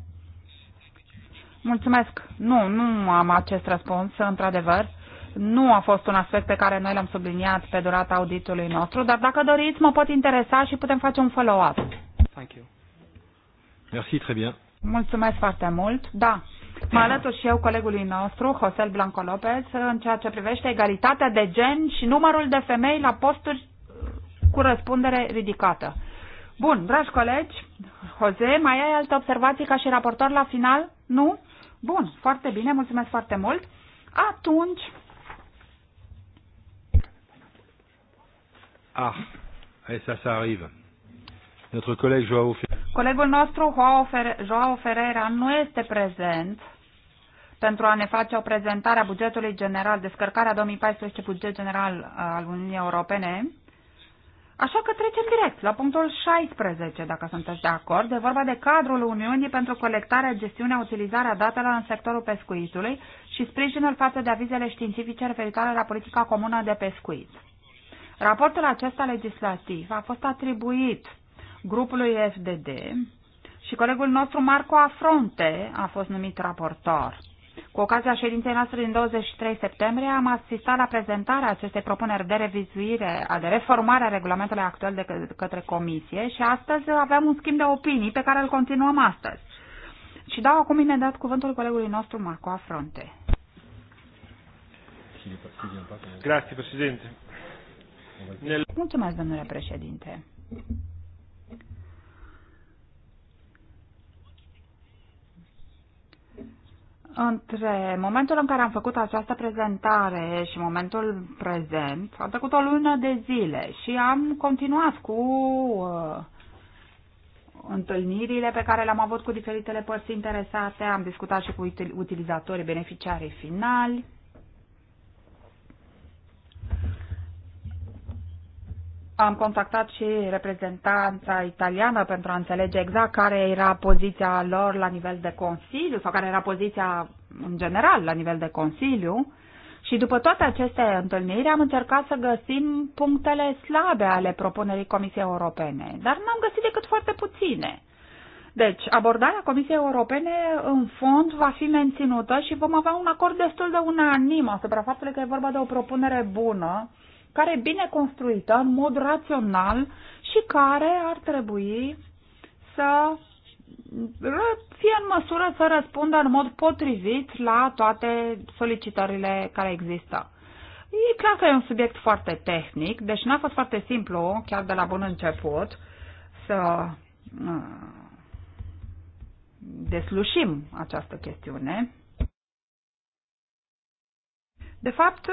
Mulțumesc. Nu, nu am acest răspuns, într-adevăr nu a fost un aspect pe care noi l-am subliniat pe durata auditului nostru, dar dacă doriți, mă pot interesa și putem face un follow-up. Thank you. Merci, très bien. Mulțumesc foarte mult. Da, mă alătur și eu colegului nostru, Josel Blanco Lopez, în ceea ce privește egalitatea de gen și numărul de femei la posturi cu răspundere ridicată. Bun, dragi colegi, Jose, mai ai alte observații ca și raportor la final? Nu? Bun, foarte bine, mulțumesc foarte mult. Atunci, Ah, et ça, ça arrive. Notre collègue Joao Ferreira. Colegul nostru, Joao Ferreira, nu este prezent pentru a ne face o prezentare a bugetului general, descărcarea 2014 buget general uh, al Uniunii Europene. Așa că trecem direct la punctul 16, dacă sunteți de acord. E vorba de cadrul Uniunii pentru colectarea, gestiunea, utilizarea datelor în sectorul pescuitului și sprijinul față de avizele științifice referitoare la politica comună de pescuit. Raportul acesta legislativ a fost atribuit grupului FDD și colegul nostru Marco Afronte a fost numit raportor. Cu ocazia ședinței noastre din 23 septembrie am asistat la prezentarea acestei propuneri de revizuire, de reformare a regulamentului actual de către Comisie și astăzi avem un schimb de opinii pe care îl continuăm astăzi. Și dau acum imediat cuvântul colegului nostru Marco Afronte. Grazie Presidente. Mulțumesc, domnule președinte. Între momentul în care am făcut această prezentare și momentul prezent, a trecut o lună de zile și am continuat cu uh, întâlnirile pe care le-am avut cu diferitele părți interesate, am discutat și cu utilizatorii, beneficiarii finali. Am contactat și reprezentanța italiană pentru a înțelege exact care era poziția lor la nivel de Consiliu sau care era poziția în general la nivel de Consiliu. Și după toate aceste întâlniri am încercat să găsim punctele slabe ale propunerii Comisiei Europene, dar n-am găsit decât foarte puține. Deci, abordarea Comisiei Europene, în fond, va fi menținută și vom avea un acord destul de unanim asupra faptului că e vorba de o propunere bună care e bine construită în mod rațional și care ar trebui să fie în măsură să răspundă în mod potrivit la toate solicitările care există. E clar că e un subiect foarte tehnic, deci n-a fost foarte simplu, chiar de la bun început, să uh, deslușim această chestiune. De fapt,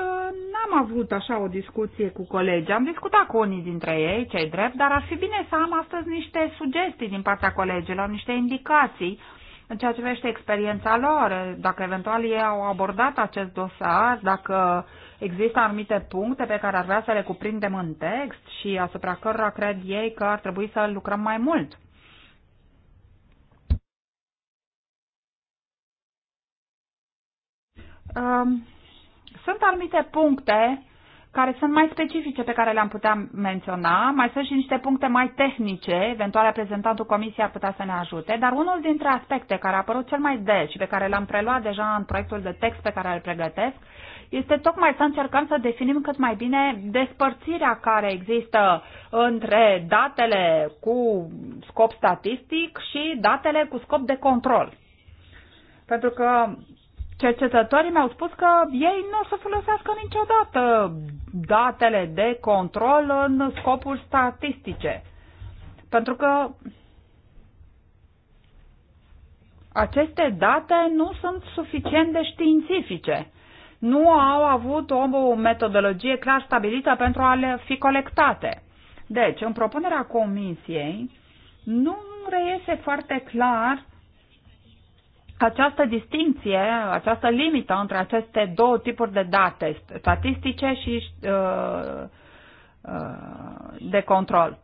n-am avut așa o discuție cu colegii. Am discutat cu unii dintre ei, cei drept, dar ar fi bine să am astăzi niște sugestii din partea colegilor, niște indicații în ceea ce vește experiența lor, dacă eventual ei au abordat acest dosar, dacă există anumite puncte pe care ar vrea să le cuprindem în text și asupra cărora cred ei că ar trebui să lucrăm mai mult. Um, sunt anumite puncte care sunt mai specifice pe care le-am putea menționa, mai sunt și niște puncte mai tehnice, eventual reprezentantul comisiei ar putea să ne ajute, dar unul dintre aspecte care a apărut cel mai des și pe care l-am preluat deja în proiectul de text pe care îl pregătesc, este tocmai să încercăm să definim cât mai bine despărțirea care există între datele cu scop statistic și datele cu scop de control. Pentru că cercetătorii mi-au spus că ei nu o să folosească niciodată datele de control în scopuri statistice. Pentru că aceste date nu sunt suficient de științifice. Nu au avut o metodologie clar stabilită pentru a le fi colectate. Deci, în propunerea comisiei, nu reiese foarte clar această distinție, această limită între aceste două tipuri de date, statistice și uh, uh, de control.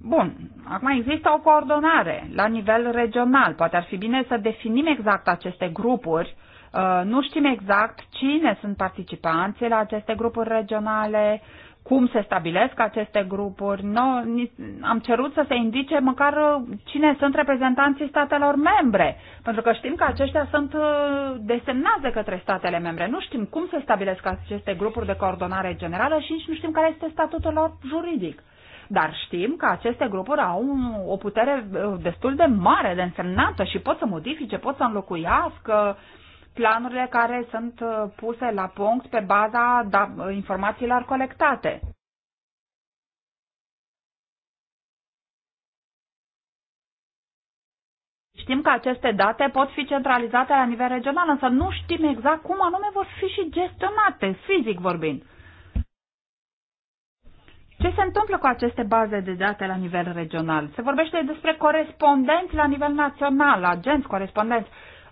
Bun, acum există o coordonare la nivel regional. Poate ar fi bine să definim exact aceste grupuri. Uh, nu știm exact cine sunt participanții la aceste grupuri regionale, uh, cum se stabilesc aceste grupuri. No, am cerut să se indice măcar uh, cine sunt reprezentanții statelor membre, pentru că știm că aceștia sunt uh, desemnați de către statele membre. Nu știm cum se stabilesc aceste grupuri de coordonare generală și nici nu știm care este statutul lor juridic. Dar știm că aceste grupuri au o putere uh, destul de mare, de însemnată și pot să modifice, pot să înlocuiască uh, planurile care sunt uh, puse la punct pe baza da, informațiilor colectate. Știm că aceste date pot fi centralizate la nivel regional, însă nu știm exact cum anume vor fi și gestionate, fizic vorbind. Ce se întâmplă cu aceste baze de date la nivel regional? Se vorbește despre corespondenți la nivel național, agenți corespondenți.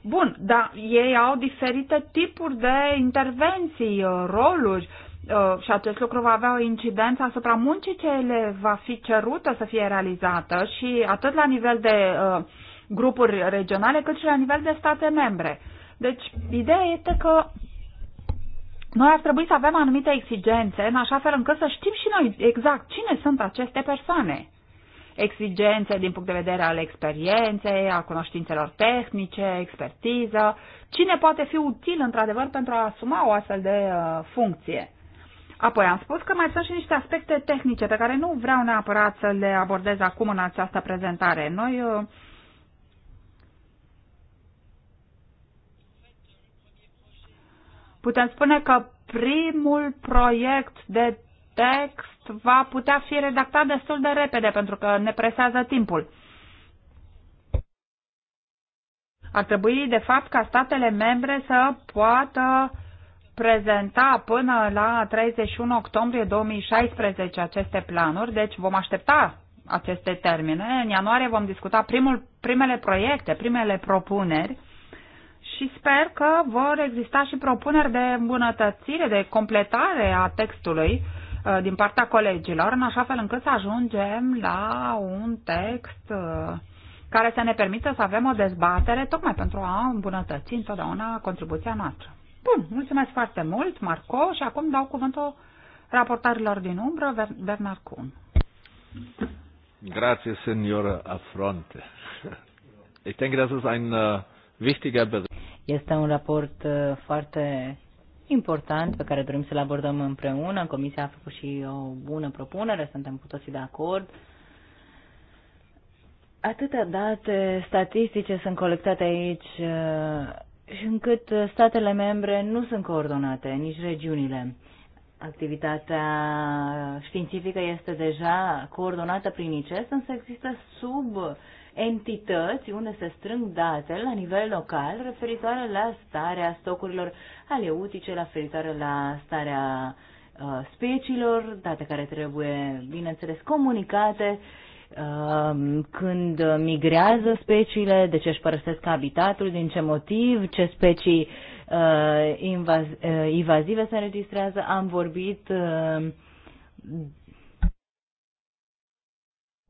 Bun, dar ei au diferite tipuri de intervenții, uh, roluri uh, și acest lucru va avea o incidență asupra muncii ce le va fi cerută să fie realizată și atât la nivel de uh, grupuri regionale cât și la nivel de state membre. Deci, ideea este că noi ar trebui să avem anumite exigențe în așa fel încât să știm și noi exact cine sunt aceste persoane exigențe din punct de vedere al experienței, a cunoștințelor tehnice, expertiză, cine poate fi util într-adevăr pentru a asuma o astfel de uh, funcție. Apoi am spus că mai sunt și niște aspecte tehnice pe care nu vreau neapărat să le abordez acum în această prezentare. Noi uh, putem spune că primul proiect de text va putea fi redactat destul de repede, pentru că ne presează timpul. Ar trebui, de fapt, ca statele membre să poată prezenta până la 31 octombrie 2016 aceste planuri, deci vom aștepta aceste termine. În ianuarie vom discuta primul, primele proiecte, primele propuneri și sper că vor exista și propuneri de îmbunătățire, de completare a textului Uh, din partea colegilor, în așa fel încât să ajungem la un text uh, care să ne permită să avem o dezbatere tocmai pentru a îmbunătăți întotdeauna contribuția noastră. Bun, mulțumesc foarte mult, Marco, și acum dau cuvântul raportarilor din umbră, Bernard Kuhn. Grazie, signora Affronte. <laughs> Ich denke, das ist ein äh, wichtiger Bericht. Este un raport äh, foarte important pe care dorim să-l abordăm împreună. Comisia a făcut și o bună propunere, suntem cu toții de acord. Atâtea date statistice sunt colectate aici uh, și încât statele membre nu sunt coordonate, nici regiunile. Activitatea științifică este deja coordonată prin ICES, însă există sub entități unde se strâng date la nivel local referitoare la starea stocurilor aleutice, la referitoare la starea uh, speciilor, date care trebuie, bineînțeles, comunicate, um, când migrează speciile, de ce își părăsesc habitatul, din ce motiv, ce specii uh, invaz, uh, invazive se înregistrează. Am vorbit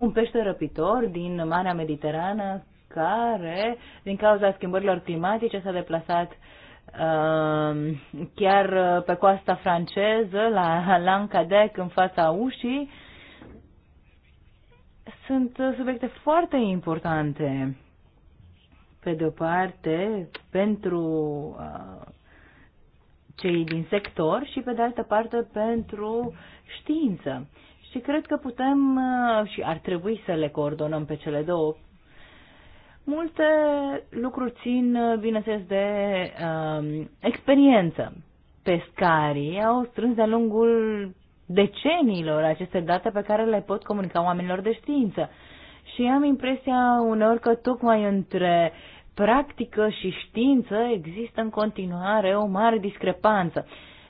un pește răpitor din Marea Mediterană care, din cauza schimbărilor climatice, s-a deplasat um, uh, chiar pe coasta franceză, la Lancadec, în fața ușii. Sunt uh, subiecte foarte importante. Pe de o parte, pentru uh, cei din sector și, pe de altă parte, pentru știință și cred că putem uh, și ar trebui să le coordonăm pe cele două. Multe lucruri țin, uh, bineînțeles, de um, experiență. Pescarii au strâns de-a lungul deceniilor aceste date pe care le pot comunica oamenilor de știință. Și am impresia uneori că tocmai între practică și știință există în continuare o mare discrepanță.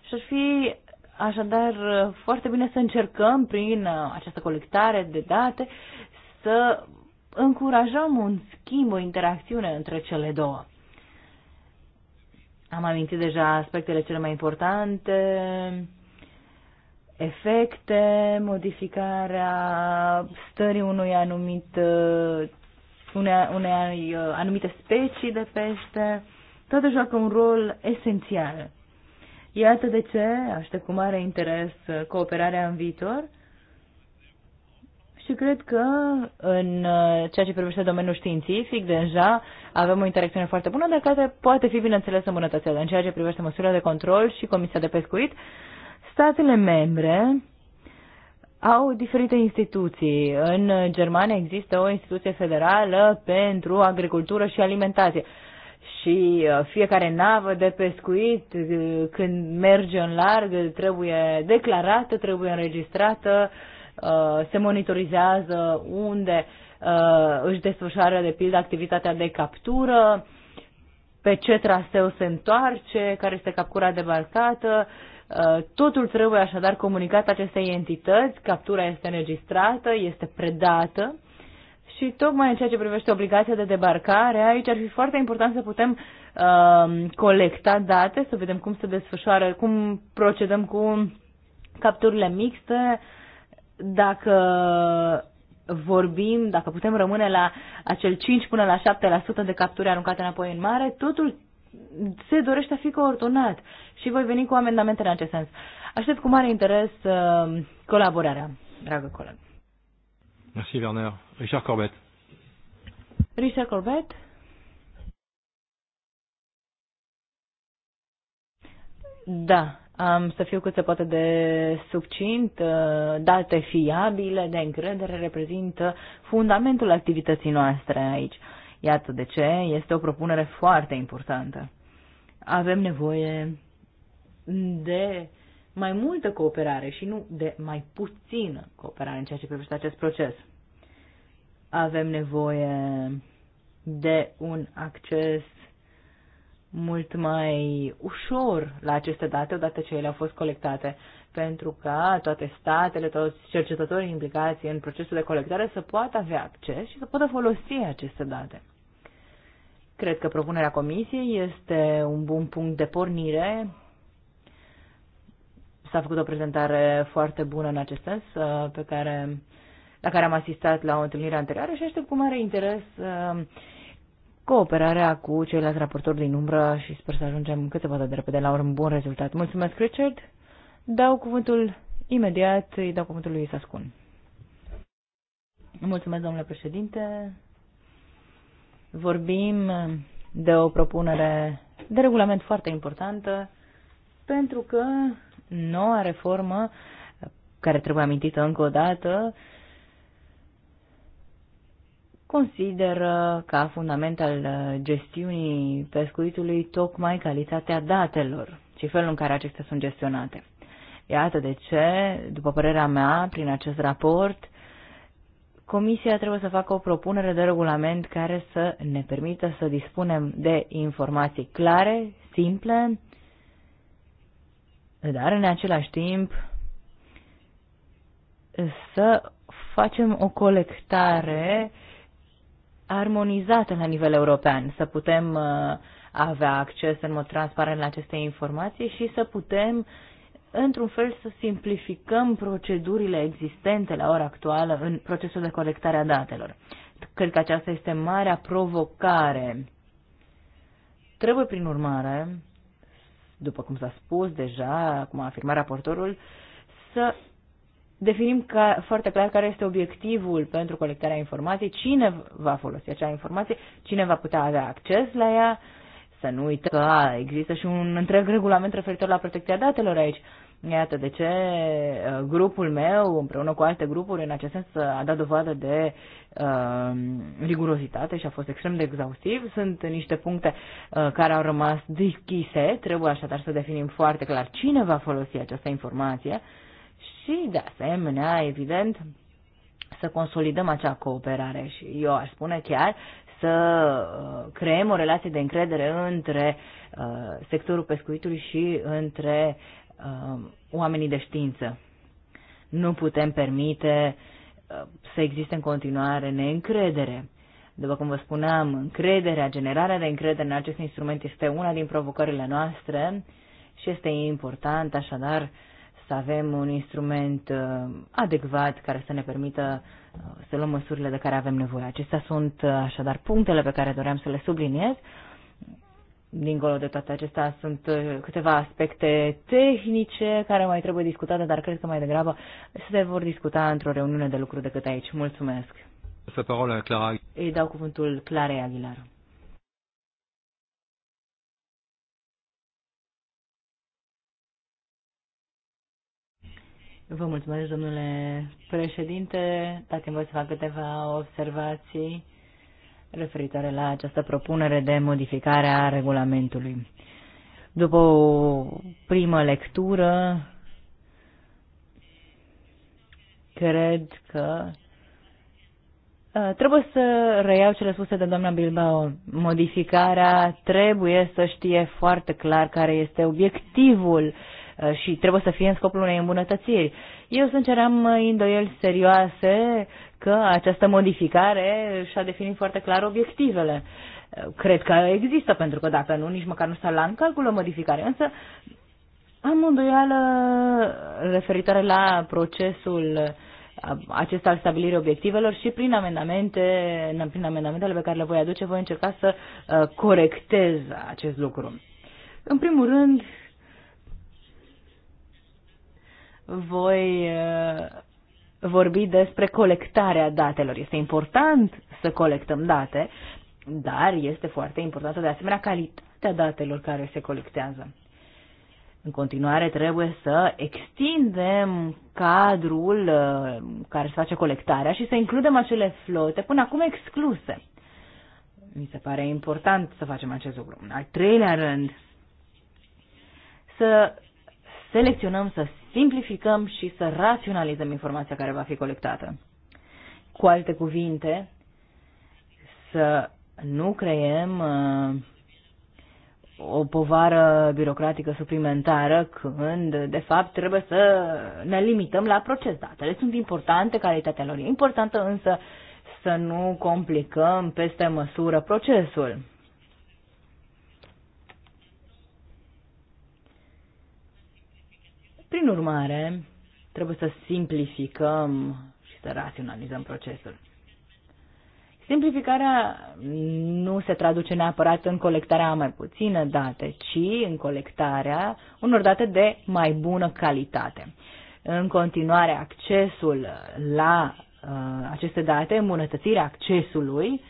Și ar fi Așadar, foarte bine să încercăm prin uh, această colectare de date să încurajăm un schimb, o interacțiune între cele două. Am amintit deja aspectele cele mai importante, efecte, modificarea stării unui anumit, uh, unei, unei uh, anumite specii de pește, toate joacă un rol esențial. Iată de ce aștept cu mare interes uh, cooperarea în viitor și cred că în uh, ceea ce privește domeniul științific deja avem o interacțiune foarte bună, dar care poate fi, bineînțeles, îmbunătățită. În ceea ce privește măsurile de control și Comisia de Pescuit, statele membre au diferite instituții. În Germania există o instituție federală pentru agricultură și alimentație și uh, fiecare navă de pescuit, uh, când merge în larg, trebuie declarată, trebuie înregistrată, uh, se monitorizează unde își desfășoară, de pildă, activitatea de captură, pe ce traseu se întoarce, care este captura debarcată. Totul trebuie așadar comunicat acestei entități, captura este înregistrată, este predată și tocmai în ceea ce privește obligația de debarcare, aici ar fi foarte important să putem uh, colecta date, să vedem cum se desfășoară, cum procedăm cu capturile mixte, dacă vorbim, dacă putem rămâne la acel 5 până la 7% de capturi aruncate înapoi în mare, totul se dorește a fi coordonat și voi veni cu amendamente în acest sens. Aștept cu mare interes uh, colaborarea, dragă colegă. Merci Werner. Richard Corbett. Richard Corbett. Da, am să fiu cât se poate de succint. Uh, Date fiabile, de încredere, reprezintă fundamentul activității noastre aici. Iată de ce este o propunere foarte importantă. Avem nevoie de uh, mai multă cooperare și nu de mai puțină cooperare în ceea ce privește acest proces. Avem nevoie de un acces mult mai ușor la aceste date odată ce ele au fost colectate, pentru ca toate statele, toți cercetătorii implicați în procesul de colectare să poată avea acces și să poată folosi aceste date. Cred că propunerea comisiei este un bun punct de pornire S-a făcut o prezentare foarte bună în acest sens, uh, pe care, la care am asistat la o întâlnire anterioară și aștept cu mare interes uh, cooperarea cu ceilalți raportori din umbră și sper să ajungem cât se poate de repede la un bun rezultat. Mulțumesc, Richard. Dau cuvântul imediat, îi dau cuvântul lui Sascun. Mulțumesc, domnule președinte. Vorbim de o propunere de regulament foarte importantă, pentru că noua reformă, care trebuie amintită încă o dată, consideră ca fundament al gestiunii pescuitului tocmai calitatea datelor și felul în care acestea sunt gestionate. Iată de ce, după părerea mea, prin acest raport, Comisia trebuie să facă o propunere de regulament care să ne permită să dispunem de informații clare, simple, dar în același timp să facem o colectare armonizată la nivel european, să putem uh, avea acces în mod transparent la aceste informații și să putem, într-un fel, să simplificăm procedurile existente la ora actuală în procesul de colectare a datelor. Cred că aceasta este marea provocare. Trebuie, prin urmare, după cum s-a spus deja, cum a afirmat raportorul, să definim ca, foarte clar care este obiectivul pentru colectarea informației, cine va folosi acea informație, cine va putea avea acces la ea, să nu uităm că există și un întreg regulament referitor la protecția datelor aici. Iată de ce uh, grupul meu, împreună cu alte grupuri, în acest sens a dat dovadă de uh, rigurozitate și a fost extrem de exhaustiv. Sunt niște puncte uh, care au rămas deschise, trebuie așadar să definim foarte clar cine va folosi această informație și, de asemenea, evident, să consolidăm acea cooperare și eu aș spune chiar să uh, creăm o relație de încredere între uh, sectorul pescuitului și între uh, oamenii de știință. Nu putem permite uh, să existe în continuare neîncredere. După cum vă spuneam, încrederea, generarea de încredere în acest instrument este una din provocările noastre și este important, așadar, să avem un instrument uh, adecvat care să ne permită uh, să luăm măsurile de care avem nevoie. Acestea sunt, uh, așadar, punctele pe care doream să le subliniez. Dincolo de toate acestea sunt uh, câteva aspecte tehnice care mai trebuie discutate, dar cred că mai degrabă se vor discuta într-o reuniune de lucru decât aici. Mulțumesc! Clara. Îi dau cuvântul Clarei Aguilar. Vă mulțumesc, domnule președinte. dacă îmi voi să fac câteva observații referitoare la această propunere de modificare a regulamentului. După o primă lectură, cred că uh, Trebuie să reiau cele spuse de doamna Bilbao. Modificarea trebuie să știe foarte clar care este obiectivul uh, și trebuie să fie în scopul unei îmbunătățiri. Eu, sincer, am îndoieli serioase că această modificare și-a definit foarte clar obiectivele. Cred că există, pentru că dacă nu, nici măcar nu s-a luat în calcul o modificare. Însă am o îndoială referitoare la procesul acesta al stabilirii obiectivelor și prin amendamente, prin amendamentele pe care le voi aduce, voi încerca să uh, corectez acest lucru. În primul rând, voi uh, vorbi despre colectarea datelor. Este important să colectăm date, dar este foarte importantă de asemenea calitatea datelor care se colectează. În continuare trebuie să extindem cadrul uh, care se face colectarea și să includem acele flote până acum excluse. Mi se pare important să facem acest lucru. În al treilea rând, să selecționăm, să simplificăm și să raționalizăm informația care va fi colectată. Cu alte cuvinte, să nu creem uh, o povară birocratică suplimentară când, de fapt, trebuie să ne limităm la proces. Da, datele sunt importante, calitatea lor e importantă, însă să nu complicăm peste măsură procesul. Prin urmare, trebuie să simplificăm și să raționalizăm procesul. Simplificarea nu se traduce neapărat în colectarea a mai puține date, ci în colectarea unor date de mai bună calitate. În continuare, accesul la uh, aceste date, îmbunătățirea accesului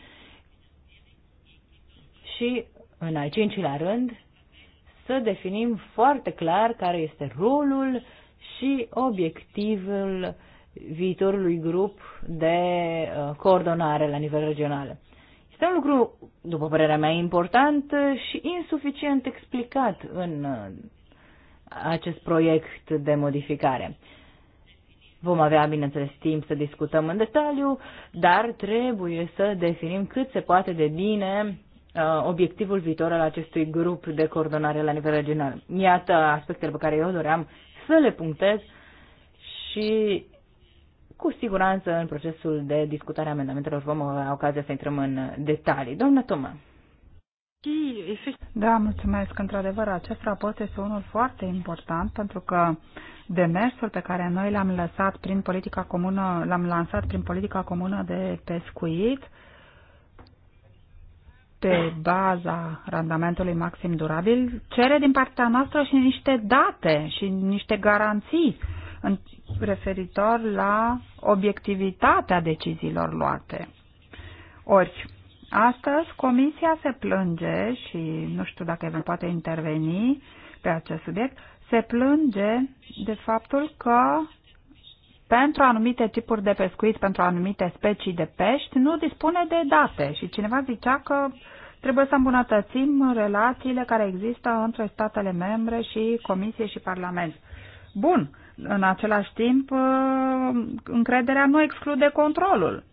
și, în al cincilea rând, să definim foarte clar care este rolul și obiectivul viitorului grup de uh, coordonare la nivel regional. Este un lucru, după părerea mea, important și insuficient explicat în uh, acest proiect de modificare. Vom avea, bineînțeles, timp să discutăm în detaliu, dar trebuie să definim cât se poate de bine Uh, obiectivul viitor al acestui grup de coordonare la nivel regional. Iată aspectele pe care eu doream să le punctez și cu siguranță în procesul de discutare a amendamentelor vom avea ocazia să intrăm în detalii. Doamna Toma. Da, mulțumesc. Într-adevăr, acest raport este unul foarte important pentru că demersul pe care noi l-am lăsat prin politica comună, l-am lansat prin politica comună de pescuit, pe baza randamentului maxim durabil cere din partea noastră și niște date și niște garanții în referitor la obiectivitatea deciziilor luate. Ori, astăzi Comisia se plânge și nu știu dacă vă poate interveni pe acest subiect, se plânge de faptul că pentru anumite tipuri de pescuit, pentru anumite specii de pești, nu dispune de date. Și cineva zicea că trebuie să îmbunătățim relațiile care există între statele membre și Comisie și Parlament. Bun, în același timp, ă, încrederea nu exclude controlul.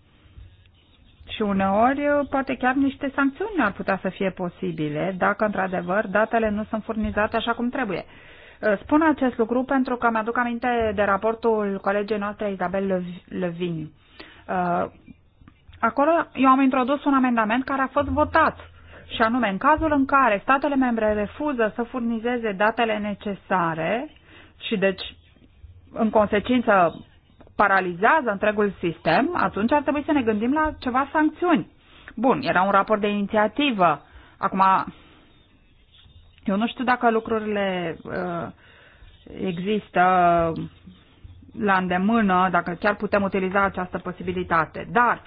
Și uneori, ă, poate chiar niște sancțiuni ar putea să fie posibile, dacă într-adevăr datele nu sunt furnizate așa cum trebuie. Eh, spun acest lucru pentru că mi-aduc aminte de raportul colegei noastre Isabel Levin. Eh, acolo eu am introdus un amendament care a fost votat și anume în cazul în care statele membre refuză să furnizeze datele necesare și deci în consecință paralizează întregul sistem, atunci ar trebui să ne gândim la ceva sancțiuni. Bun, era un raport de inițiativă. Acum, eu nu știu dacă lucrurile uh, există la îndemână, dacă chiar putem utiliza această posibilitate. Dar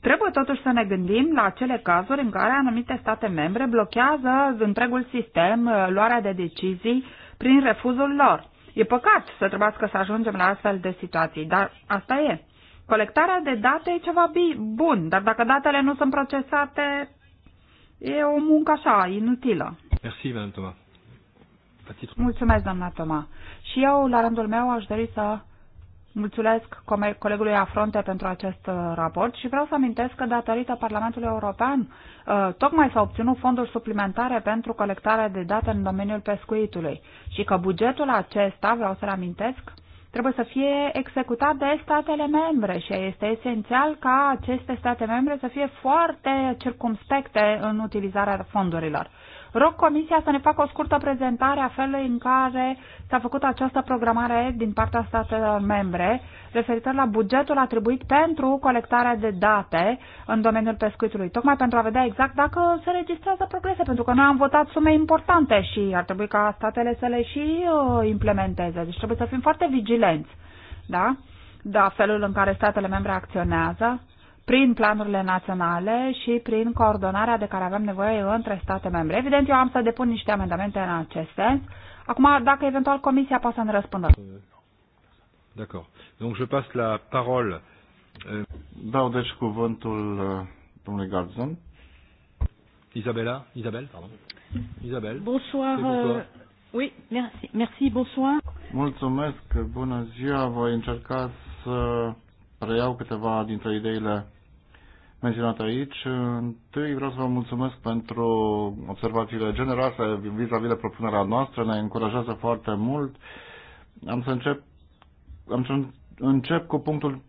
trebuie totuși să ne gândim la acele cazuri în care anumite state membre blochează întregul sistem uh, luarea de decizii prin refuzul lor. E păcat să trebuiască să ajungem la astfel de situații, dar asta e. Colectarea de date e ceva bun, dar dacă datele nu sunt procesate, e o muncă așa, inutilă. Merci, Madame Thomas. Mulțumesc, doamna Toma. Și eu, la rândul meu, aș dori să mulțumesc colegului Afronte pentru acest uh, raport și vreau să amintesc că, datorită Parlamentului European, uh, tocmai s-au obținut fonduri suplimentare pentru colectarea de date în domeniul pescuitului și că bugetul acesta, vreau să-l amintesc, trebuie să fie executat de statele membre și este esențial ca aceste state membre să fie foarte circumspecte în utilizarea fondurilor. Rog Comisia să ne facă o scurtă prezentare a felului în care s-a făcut această programare din partea statelor membre referitor la bugetul atribuit pentru colectarea de date în domeniul pescuitului, tocmai pentru a vedea exact dacă se registrează progrese, pentru că noi am votat sume importante și ar trebui ca statele să le și uh, implementeze. Deci trebuie să fim foarte vigilenți, da? Da, felul în care statele membre acționează prin planurile naționale și prin coordonarea de care avem nevoie între state membre. Evident, eu am să depun niște amendamente în acest sens. Acum, dacă eventual Comisia poate să ne răspundă. Uh, d'accord. Donc je passe la parole. Euh, Dau deci cuvântul uh, domnului Garzon. Isabella, Isabelle, pardon. Isabelle. Bonsoir. Euh, oui, merci, merci, bonsoir. Mulțumesc, bună ziua. Voi încerca să preiau câteva dintre ideile menționat aici. Întâi vreau să vă mulțumesc pentru observațiile generoase vis-a-vis de propunerea noastră, ne încurajează foarte mult. Am să încep, am să încep cu punctul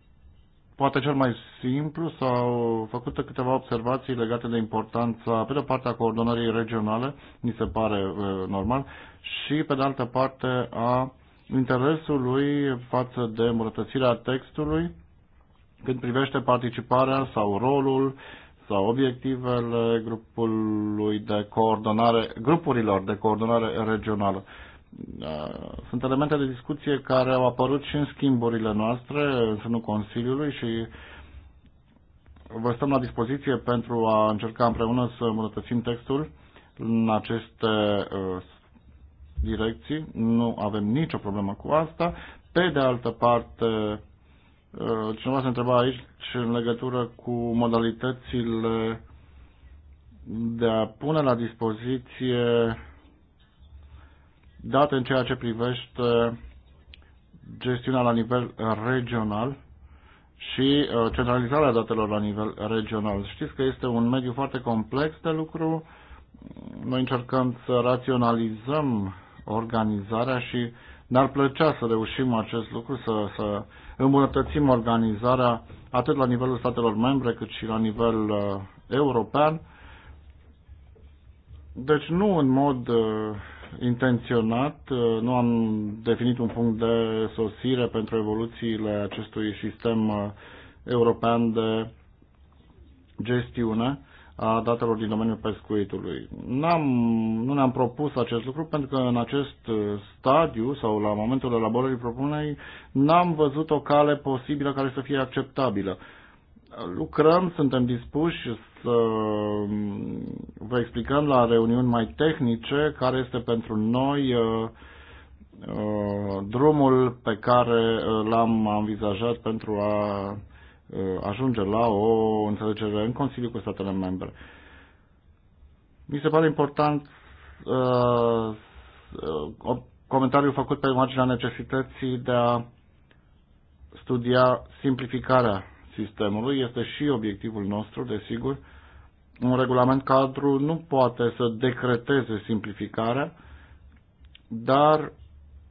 poate cel mai simplu, s-au făcut câteva observații legate de importanța, pe de-o parte, a coordonării regionale, mi se pare uh, normal, și, pe de altă parte, a interesului față de îmbunătățirea textului, când privește participarea sau rolul sau obiectivele grupului de coordonare, grupurilor de coordonare regională. Da, sunt elemente de discuție care au apărut și în schimburile noastre, în sânul Consiliului și vă stăm la dispoziție pentru a încerca împreună să îmbunătățim textul în aceste uh, direcții. Nu avem nicio problemă cu asta. Pe de altă parte, Uh, cineva se întreba aici în legătură cu modalitățile de a pune la dispoziție date în ceea ce privește gestiunea la nivel regional și uh, centralizarea datelor la nivel regional. Știți că este un mediu foarte complex de lucru. Noi încercăm să raționalizăm organizarea și ne-ar plăcea să reușim acest lucru, să, să îmbunătățim organizarea atât la nivelul statelor membre cât și la nivel uh, european. Deci nu în mod uh, intenționat, uh, nu am definit un punct de sosire pentru evoluțiile acestui sistem uh, european de gestiune a datelor din domeniul pescuitului. N-am, nu ne-am propus acest lucru pentru că în acest stadiu sau la momentul elaborării propunerii n-am văzut o cale posibilă care să fie acceptabilă. Lucrăm, suntem dispuși să vă explicăm la reuniuni mai tehnice care este pentru noi uh, uh, drumul pe care uh, l-am anvizajat pentru a Uh, ajunge la o înțelegere în Consiliu cu statele membre. Mi se pare important uh, uh, comentariul făcut pe marginea necesității de a studia simplificarea sistemului. Este și obiectivul nostru, desigur. Un regulament cadru nu poate să decreteze simplificarea, dar,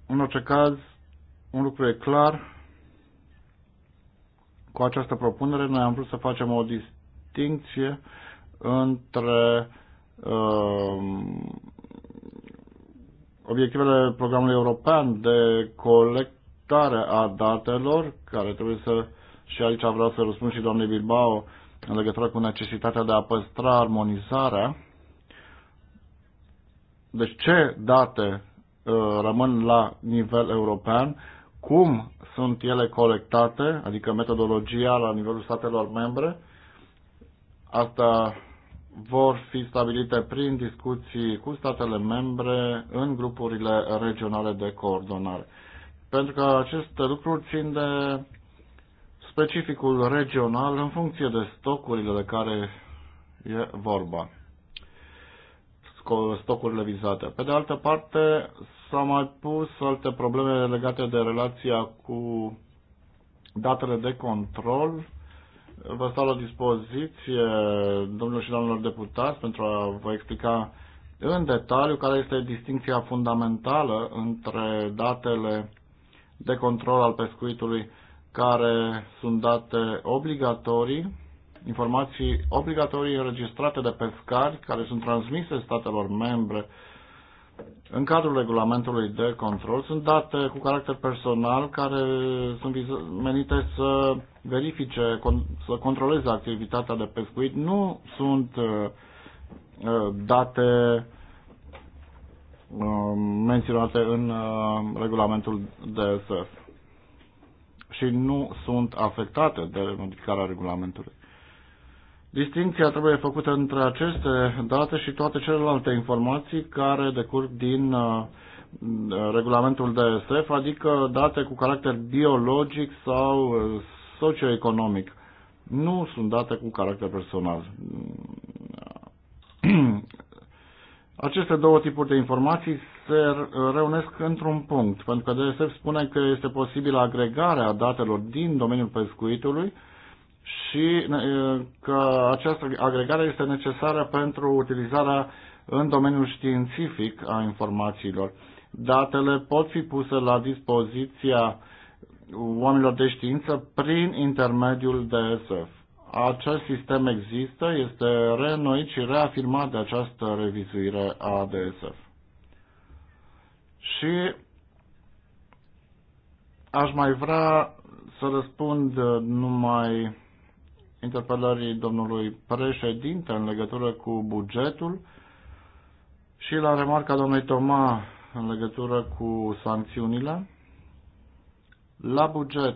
în orice caz, un lucru e clar, cu această propunere noi am vrut să facem o distinție între uh, obiectivele programului european de colectare a datelor, care trebuie să, și aici vreau să răspund și doamnei Bilbao, în legătură cu necesitatea de a păstra armonizarea. Deci ce date uh, rămân la nivel european cum sunt ele colectate, adică metodologia la nivelul statelor membre. Asta vor fi stabilite prin discuții cu statele membre în grupurile regionale de coordonare. Pentru că aceste lucruri țin de specificul regional în funcție de stocurile de care e vorba, stocurile vizate. Pe de altă parte, S-au mai pus alte probleme legate de relația cu datele de control. Vă stau la dispoziție, domnilor și domnilor deputați, pentru a vă explica în detaliu care este distinția fundamentală între datele de control al pescuitului care sunt date obligatorii, informații obligatorii înregistrate de pescari care sunt transmise statelor membre în cadrul regulamentului de control sunt date cu caracter personal care sunt menite să verifice, să controleze activitatea de pescuit. Nu sunt uh, uh, date uh, menționate în regulamentul DSF și nu sunt afectate de modificarea regulamentului. Distinția trebuie făcută între aceste date și toate celelalte informații care decurg din uh, regulamentul DSF, adică date cu caracter biologic sau uh, socioeconomic. Nu sunt date cu caracter personal. <clears throat> Aceste două tipuri de informații se reunesc într-un punct, pentru că DSF spune că este posibilă agregarea datelor din domeniul pescuitului și că această agregare este necesară pentru utilizarea în domeniul științific a informațiilor. Datele pot fi puse la dispoziția oamenilor de știință prin intermediul DSF. Acest sistem există, este reînnoit și reafirmat de această revizuire a DSF. Și aș mai vrea să răspund numai interpelării domnului președinte în legătură cu bugetul și la remarca domnului Toma în legătură cu sancțiunile. La buget,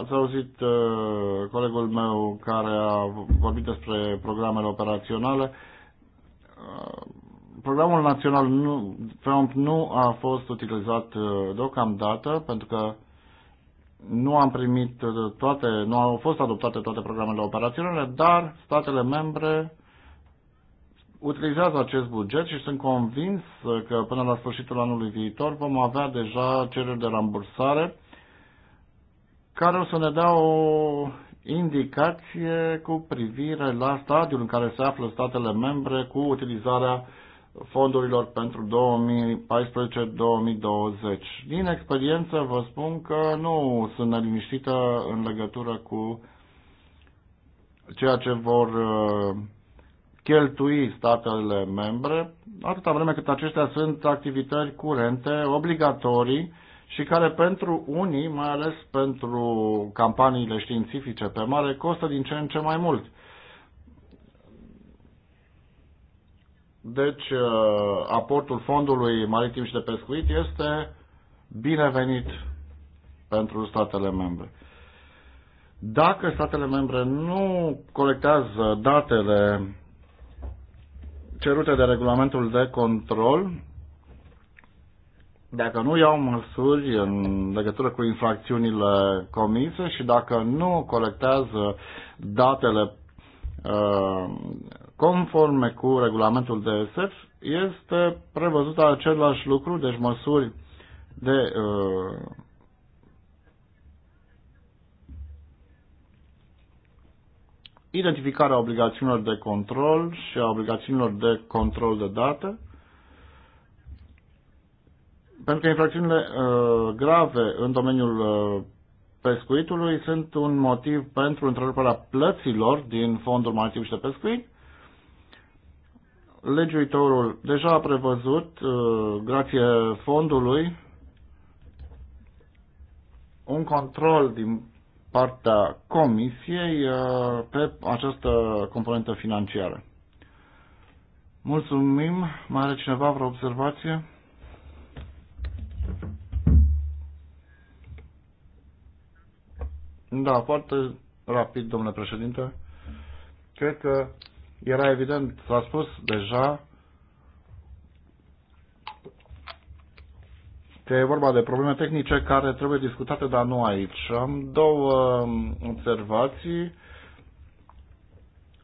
ați auzit uh, colegul meu care a vorbit despre programele operaționale. Uh, programul național nu, Trump nu a fost utilizat uh, deocamdată pentru că nu am primit uh, toate, nu au fost adoptate toate programele operaționale, dar statele membre utilizează acest buget și sunt convins uh, că până la sfârșitul anului viitor vom avea deja cereri de rambursare care o să ne dea o indicație cu privire la stadiul în care se află statele membre cu utilizarea fondurilor pentru 2014-2020. Din experiență vă spun că nu sunt neliniștită în legătură cu ceea ce vor uh, cheltui statele membre, atâta vreme cât acestea sunt activități curente, obligatorii și care pentru unii, mai ales pentru campaniile științifice pe mare, costă din ce în ce mai mult. Deci, uh, aportul Fondului Maritim și de Pescuit este binevenit pentru statele membre. Dacă statele membre nu colectează datele cerute de regulamentul de control, dacă nu iau măsuri în legătură cu infracțiunile comise și dacă nu colectează datele uh, conforme cu regulamentul DSF, este prevăzut același lucru, deci măsuri de uh, identificarea obligațiunilor de control și a obligațiunilor de control de date, pentru că infracțiunile uh, grave în domeniul uh, pescuitului sunt un motiv pentru întreruperea plăților din fondul maritim și de pescuit legiuitorul deja a prevăzut, uh, grație fondului, un control din partea Comisiei uh, pe această componentă financiară. Mulțumim. Mai are cineva vreo observație? Da, foarte rapid, domnule președinte. Cred că era evident, s-a spus deja, că e vorba de probleme tehnice care trebuie discutate, dar nu aici. Am două um, observații.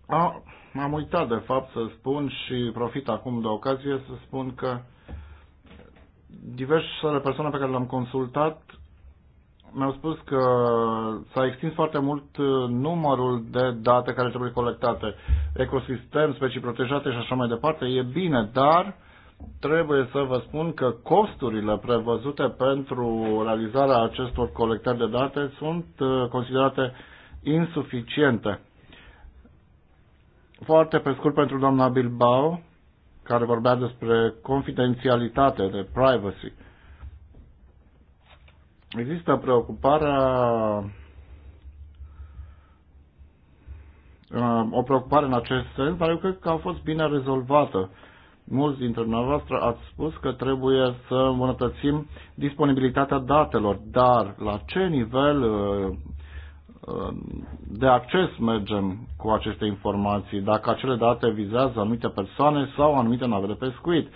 A, am uitat, de fapt, să spun și profit acum de ocazie să spun că diversele persoane pe care le-am consultat mi-au spus că s-a extins foarte mult uh, numărul de date care trebuie colectate, ecosistem, specii protejate și așa mai departe. E bine, dar trebuie să vă spun că costurile prevăzute pentru realizarea acestor colectări de date sunt uh, considerate insuficiente. Foarte pe scurt pentru doamna Bilbao, care vorbea despre confidențialitate, de privacy. Uh, Există preocuparea uh, o preocupare în acest sens, dar eu cred că a fost bine rezolvată. Mulți dintre dumneavoastră ați spus că trebuie să îmbunătățim disponibilitatea datelor, dar la ce nivel uh, uh, de acces mergem cu aceste informații, dacă acele date vizează anumite persoane sau anumite nave de pescuit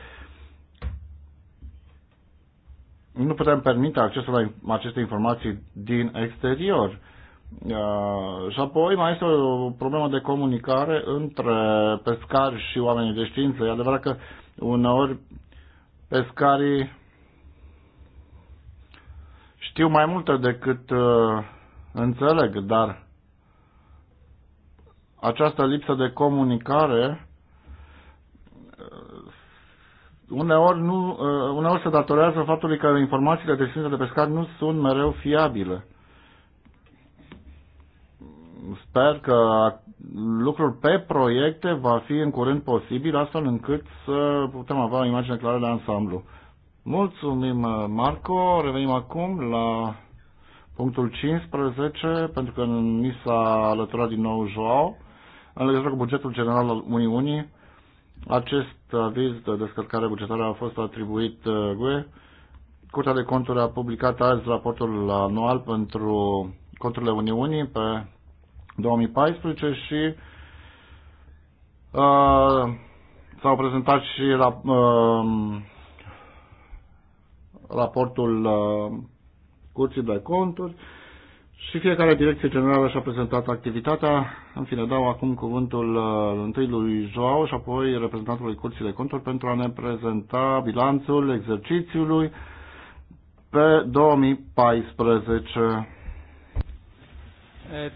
nu putem permite accesul la aceste informații din exterior. Și apoi mai este o problemă de comunicare între pescari și oamenii de știință. E adevărat că uneori pescarii știu mai multe decât uh, înțeleg, dar această lipsă de comunicare uneori, nu, uh, uneori se datorează faptului că informațiile de știință de pescar nu sunt mereu fiabile. Sper că lucrul pe proiecte va fi în curând posibil, astfel încât să putem avea o imagine clară de ansamblu. Mulțumim, uh, Marco. Revenim acum la punctul 15, pentru că mi s-a alăturat din nou Joao, în legătură cu bugetul general al Uniunii acest aviz de descărcare bugetară a fost atribuit uh, GUE. Curtea de conturi a publicat azi raportul anual pentru conturile Uniunii pe 2014 și uh, s-au prezentat și rap, uh, raportul uh, Curții de Conturi. Uh, și fiecare direcție generală și-a prezentat activitatea. În fine, dau acum cuvântul uh, întâi lui Joao și apoi reprezentantului Curții de Conturi pentru a ne prezenta bilanțul exercițiului pe 2014. Uh,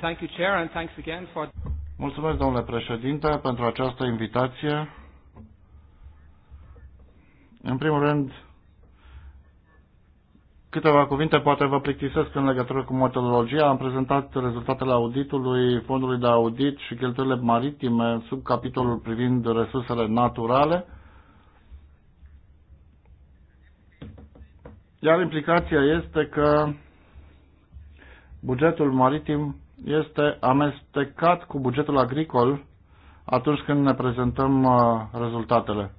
thank you, Chair, and thanks again for... Mulțumesc, domnule președinte, pentru această invitație. În primul rând, Câteva cuvinte poate vă plictisesc în legătură cu metodologia. Am prezentat rezultatele auditului fondului de audit și cheltuielile maritime sub capitolul privind resursele naturale. Iar implicația este că bugetul maritim este amestecat cu bugetul agricol atunci când ne prezentăm uh, rezultatele.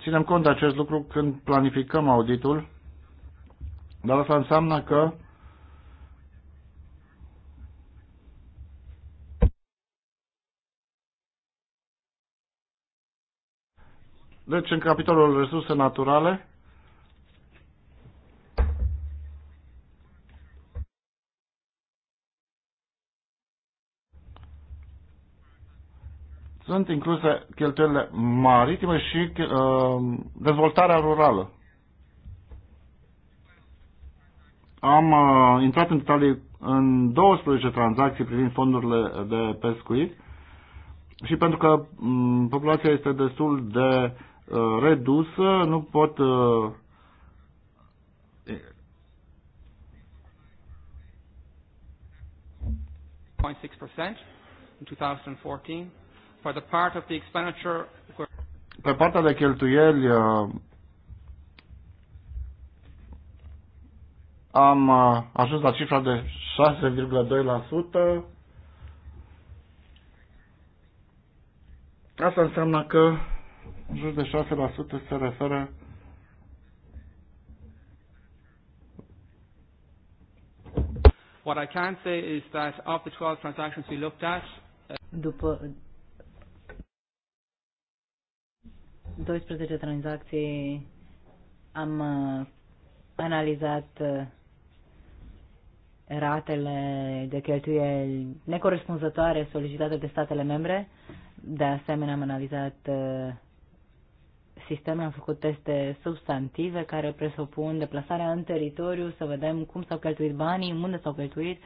Ținem cont de acest lucru când planificăm auditul dar asta înseamnă că Deci, în capitolul resurse naturale, sunt incluse cheltuielile maritime și uh, dezvoltarea rurală. Am uh, intrat în detalii în 12 tranzacții privind fondurile de pescuit și pentru că um, populația este destul de uh, redusă, nu pot uh, in 2014 for the part of the expenditure pe partea de cheltuieli uh, am uh, ajuns la cifra de 6,2%. Asta înseamnă că în jur de 6% se referă What I can say is that of the 12 transactions we looked at, uh, după 12 tranzacții am uh, analizat ratele de cheltuieli necorespunzătoare solicitate de statele membre. De asemenea, am analizat uh, sisteme, am făcut teste substantive care presupun deplasarea în teritoriu, să vedem cum s-au cheltuit banii, unde s-au cheltuit.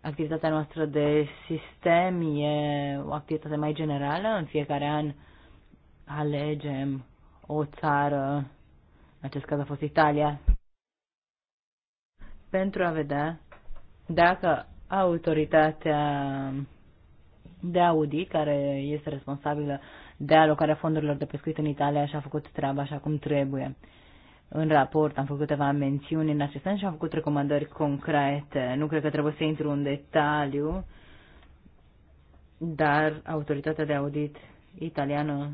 Activitatea noastră de sistem e o activitate mai generală. În fiecare an alegem o țară, în acest caz a fost Italia, pentru a vedea dacă autoritatea de audit, care este responsabilă de alocarea fondurilor de pescuit în Italia și a făcut treaba așa cum trebuie. În raport am făcut câteva mențiuni în acest sens și am făcut recomandări concrete. Nu cred că trebuie să intru în detaliu, dar autoritatea de audit italiană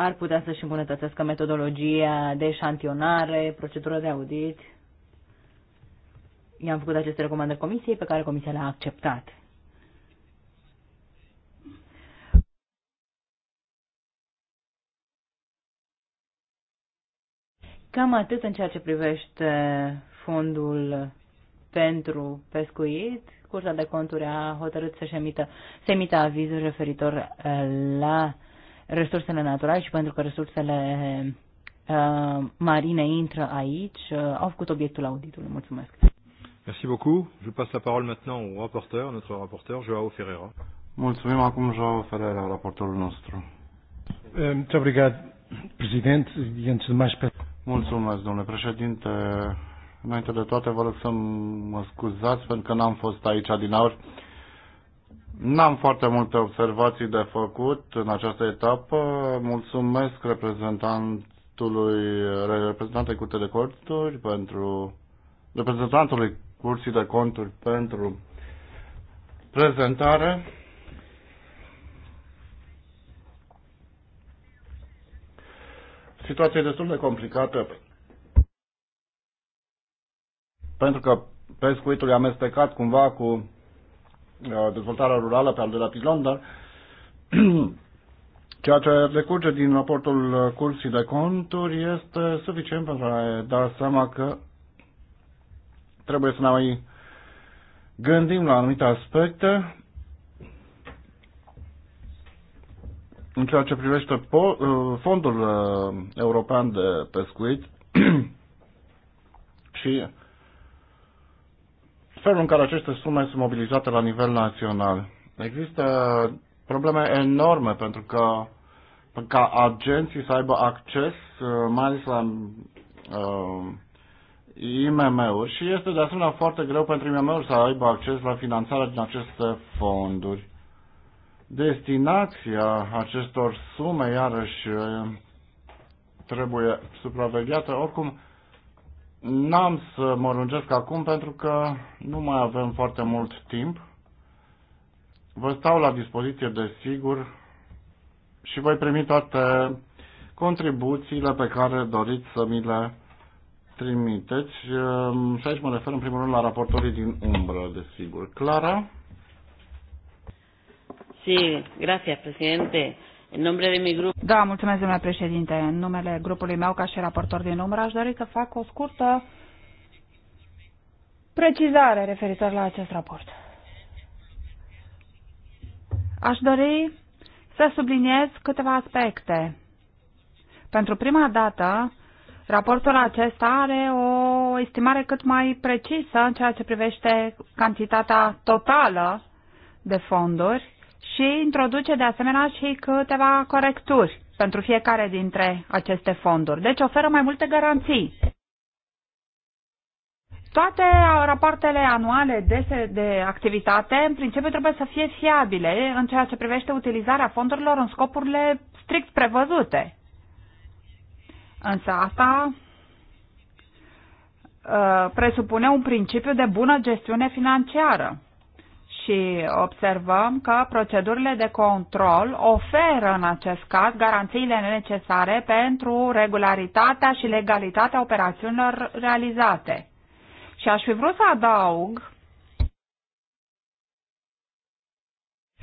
ar putea să-și îmbunătățească metodologia de șantionare, procedură de audit. I-am făcut aceste recomandări comisiei pe care comisia le-a acceptat. Cam atât în ceea ce privește fondul pentru pescuit. Curtea de conturi a hotărât să-și emită, să emită avizul referitor eh, la resursele naturale și pentru că resursele uh, marine intră aici, uh, au făcut obiectul auditului. Mulțumesc. Merci beaucoup. Je passe la parole maintenant au rapporteur, notre rapporteur Joao Ferreira. Mulțumim acum Joao Ferreira, raportorul nostru. Eh, muito obrigado, Presidente, e antes de mais... Mulțumesc, domnule președinte. Înainte de toate, vă rog să mă scuzați pentru că n-am fost aici din aur. N-am foarte multe observații de făcut în această etapă. Mulțumesc reprezentantului, reprezentantului Curții de Conturi pentru reprezentantului Curții de Conturi pentru prezentare. Situație destul de complicată pentru că pescuitul e amestecat cumva cu Uh, dezvoltarea rurală pe al doilea pilon, dar <clears throat> ceea ce decurge din raportul uh, cursii de conturi este suficient pentru a ne da seama că trebuie să ne mai gândim la anumite aspecte în ceea ce privește uh, fondul european de pescuit <clears throat> și felul în care aceste sume sunt mobilizate la nivel național. Există probleme enorme pentru că ca agenții să aibă acces uh, mai ales la uh, IMM-uri și este de asemenea foarte greu pentru IMM-uri să aibă acces la finanțarea din aceste fonduri. Destinația acestor sume, iarăși, trebuie supravegheată. Oricum, N-am să mă lungesc acum pentru că nu mai avem foarte mult timp. Vă stau la dispoziție, desigur, și voi primi toate contribuțiile pe care doriți să mi le trimiteți. Ehm, și aici mă refer în primul rând la raportorii din umbră, desigur. Clara? Sí, gracias, presidente. În numele de mi grup. Da, mulțumesc, domnule președinte. În numele grupului meu, ca și raportor din număr. aș dori să fac o scurtă precizare referitor la acest raport. Aș dori să subliniez câteva aspecte. Pentru prima dată, raportul acesta are o estimare cât mai precisă în ceea ce privește cantitatea totală de fonduri și introduce de asemenea și câteva corecturi pentru fiecare dintre aceste fonduri. Deci oferă mai multe garanții. Toate rapoartele anuale de, activitate, în principiu, trebuie să fie fiabile în ceea ce privește utilizarea fondurilor în scopurile strict prevăzute. Însă asta uh, presupune un principiu de bună gestiune financiară și observăm că procedurile de control oferă în acest caz garanțiile necesare pentru regularitatea și legalitatea operațiunilor realizate. Și aș fi vrut să adaug,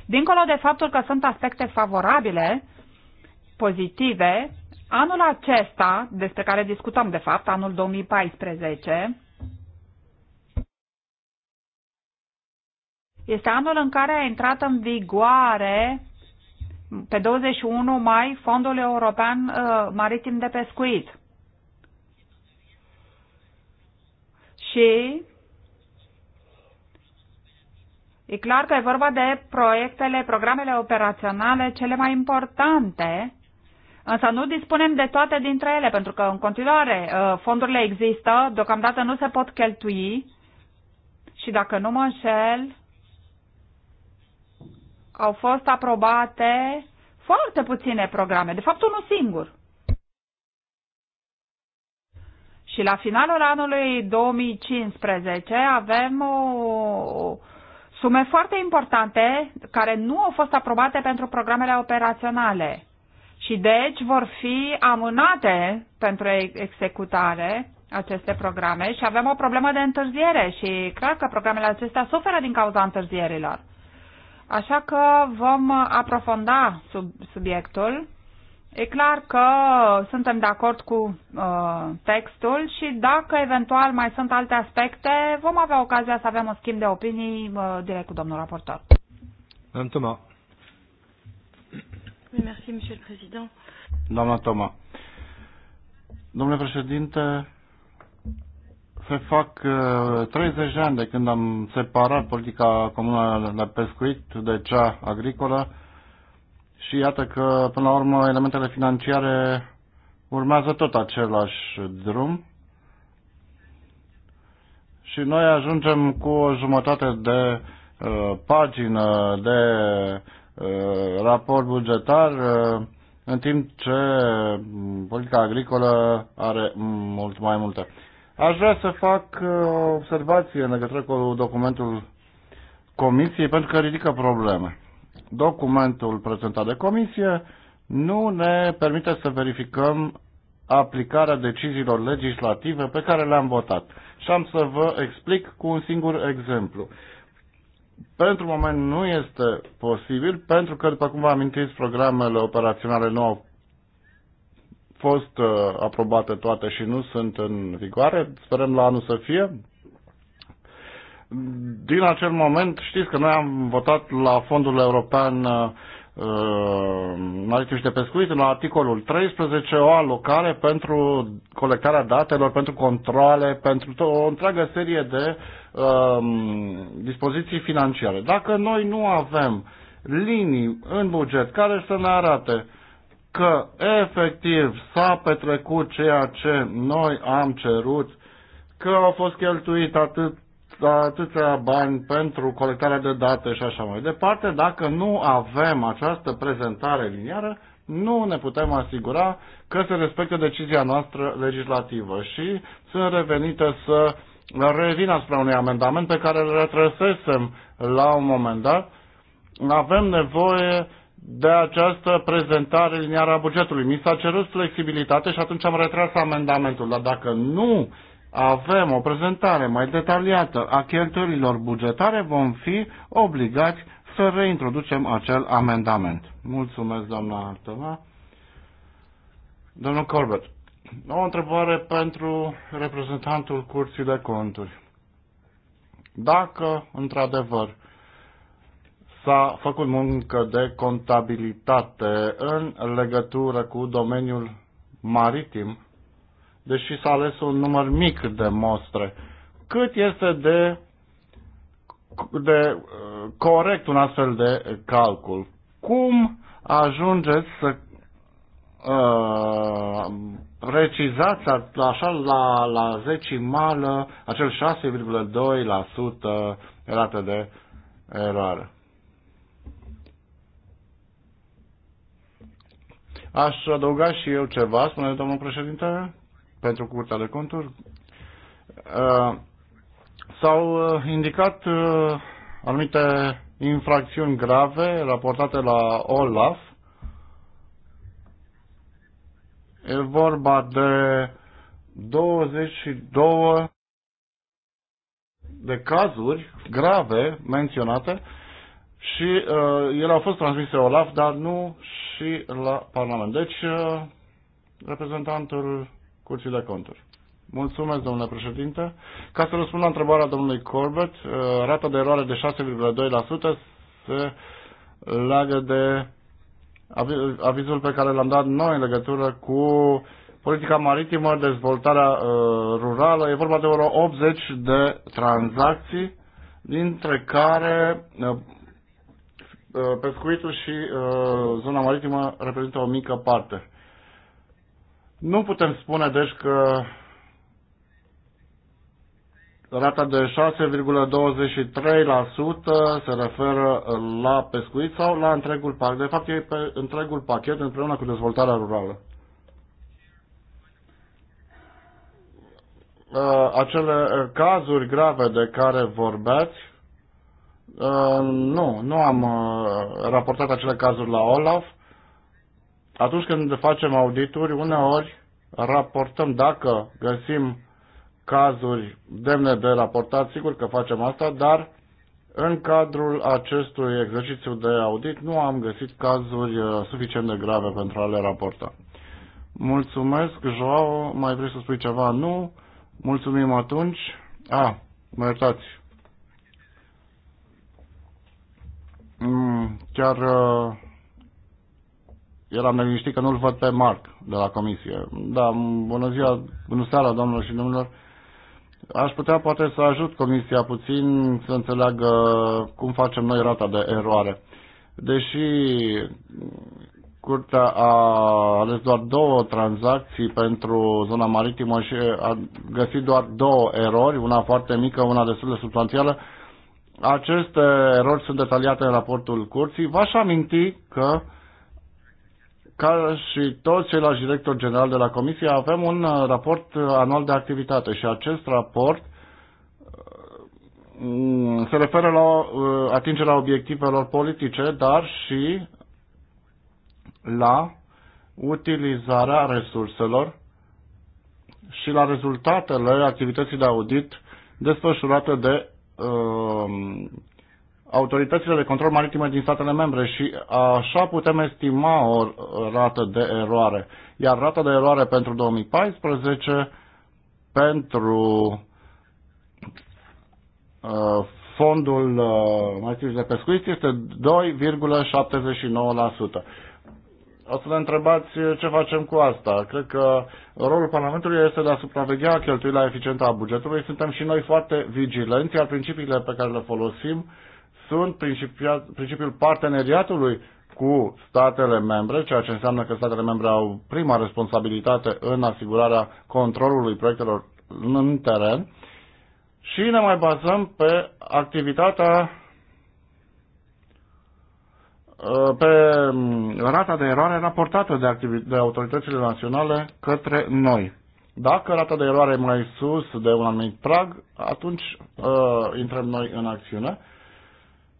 dincolo de faptul că sunt aspecte favorabile, pozitive, anul acesta, despre care discutăm de fapt, anul 2014, este anul în care a intrat în vigoare pe 21 mai Fondul European uh, Maritim de Pescuit. Și e clar că e vorba de proiectele, programele operaționale cele mai importante, însă nu dispunem de toate dintre ele, pentru că în continuare uh, fondurile există, deocamdată nu se pot cheltui și dacă nu mă înșel, au fost aprobate foarte puține programe, de fapt unul singur. Și la finalul anului 2015 avem o sume foarte importante care nu au fost aprobate pentru programele operaționale și deci vor fi amânate pentru executare aceste programe și avem o problemă de întârziere și cred că programele acestea suferă din cauza întârzierilor. Așa că vom aprofunda sub, subiectul. E clar că suntem de acord cu uh, textul și dacă eventual mai sunt alte aspecte, vom avea ocazia să avem un schimb de opinii uh, direct cu domnul raportor. Domnul Toma. Merci, Doamna Toma. Domnule președinte, se fac 30 uh, de ani de când am separat politica comună de pescuit de cea agricolă și iată că, până la urmă, elementele financiare urmează tot același drum și noi ajungem cu o jumătate de uh, pagină de uh, raport bugetar uh, în timp ce mm, politica agricolă are mult mai multe. Aș vrea să fac uh, o observație în legătură cu documentul Comisiei, pentru că ridică probleme. Documentul prezentat de Comisie nu ne permite să verificăm aplicarea deciziilor legislative pe care le-am votat. Și am să vă explic cu un singur exemplu. Pentru moment nu este posibil, pentru că, după cum vă amintiți, programele operaționale nu au fost uh, aprobate toate și nu sunt în vigoare, sperăm la anul să fie. Din acel moment, știți că noi am votat la Fondul European uh, uh, maritim și de pescuit, în articolul 13, o alocare pentru colectarea datelor, pentru controle, pentru o întreagă serie de uh, dispoziții financiare. Dacă noi nu avem linii în buget care să ne arate că efectiv s-a petrecut ceea ce noi am cerut, că au fost cheltuit atât atâția bani pentru colectarea de date și așa mai departe, dacă nu avem această prezentare liniară, nu ne putem asigura că se respectă decizia noastră legislativă și sunt revenite să revin asupra unui amendament pe care îl retrăsesem la un moment dat. Avem nevoie de această prezentare liniară a bugetului. Mi s-a cerut flexibilitate și atunci am retras amendamentul, dar dacă nu avem o prezentare mai detaliată a cheltuielilor bugetare, vom fi obligați să reintroducem acel amendament. Mulțumesc, doamna Toma. Domnul Corbett, o întrebare pentru reprezentantul Curții de Conturi. Dacă, într-adevăr, s-a făcut muncă de contabilitate în legătură cu domeniul maritim, deși s-a ales un număr mic de mostre. Cât este de, de uh, corect un astfel de calcul? Cum ajungeți să uh, precizați așa la, la zecimală acel 6,2% rată de eroare? Aș adăuga și eu ceva, spune domnul președinte, pentru Curtea de Conturi. Uh, s-au uh, indicat uh, anumite infracțiuni grave raportate la OLAF. E vorba de 22 de cazuri grave menționate și uh, ele au fost transmise OLAF, dar nu și la Parlament. Deci, uh, reprezentantul Curții de Conturi. Mulțumesc, domnule președinte. Ca să răspund la întrebarea domnului Corbett, uh, rata de eroare de 6,2% se leagă de avizul pe care l-am dat noi în legătură cu politica maritimă, dezvoltarea uh, rurală. E vorba de vreo 80 de tranzacții, dintre care uh, Uh, pescuitul și uh, zona maritimă reprezintă o mică parte. Nu putem spune, deci, că rata de 6,23% se referă la pescuit sau la întregul pachet. De fapt, e pe întregul pachet împreună cu dezvoltarea rurală. Uh, acele cazuri grave de care vorbeați Uh, nu, nu am uh, raportat acele cazuri la Olaf. Atunci când facem audituri, uneori raportăm dacă găsim cazuri demne de raportat, sigur că facem asta, dar în cadrul acestui exercițiu de audit nu am găsit cazuri uh, suficient de grave pentru a le raporta. Mulțumesc, Joao. Mai vrei să spui ceva? Nu. Mulțumim atunci. A, ah, mă iertați. Mm, chiar uh, eram neliniștit că nu-l văd pe Marc de la comisie. Da, bună ziua, bună seara, domnilor și domnilor. Aș putea poate să ajut comisia puțin să înțeleagă cum facem noi rata de eroare. Deși curtea a ales doar două tranzacții pentru zona maritimă și a găsit doar două erori, una foarte mică, una destul de substanțială, aceste erori sunt detaliate în raportul curții. V-aș aminti că ca și toți ceilalți directori general de la Comisie, avem un uh, raport uh, anual de activitate și acest raport uh, se referă la atingerea obiectivelor politice, dar și la utilizarea resurselor și la rezultatele activității de audit desfășurate de Um, autoritățile de control maritime din statele membre și așa putem estima o rată de eroare. Iar rata de eroare pentru 2014 pentru uh, fondul uh, maritim de pescuit este 2,79% să ne întrebați ce facem cu asta. Cred că rolul Parlamentului este de a supraveghea cheltuirea eficientă a bugetului. Suntem și noi foarte vigilenți, iar principiile pe care le folosim sunt principiul parteneriatului cu statele membre, ceea ce înseamnă că statele membre au prima responsabilitate în asigurarea controlului proiectelor în teren și ne mai bazăm pe activitatea Uh, pe um, rata de eroare raportată de, de autoritățile naționale către noi. Dacă rata de eroare e mai sus de un anumit prag, atunci uh, intrăm noi în acțiune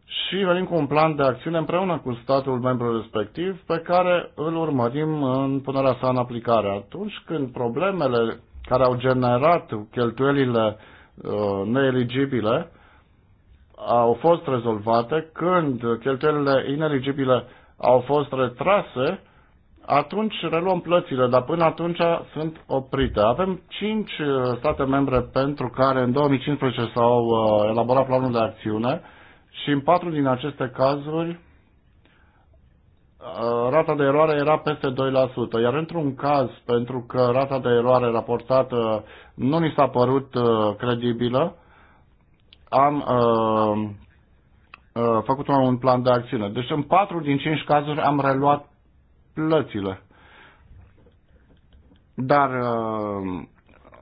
și venim cu un plan de acțiune împreună cu statul membru respectiv pe care îl urmărim în punerea sa în aplicare. Atunci când problemele care au generat cheltuielile uh, neeligibile uh, au fost rezolvate, când cheltuielile ineligibile au fost retrase, atunci reluăm plățile, dar până atunci sunt oprite. Avem 5 uh, state membre pentru care în 2015 s-au uh, elaborat planul de acțiune și în 4 din aceste cazuri uh, rata de eroare era peste 2%, iar într-un caz, pentru că rata de eroare raportată nu ni s-a părut credibilă, am uh, uh, făcut un plan de acțiune. Deci în 4 din 5 cazuri am reluat plățile. Dar uh,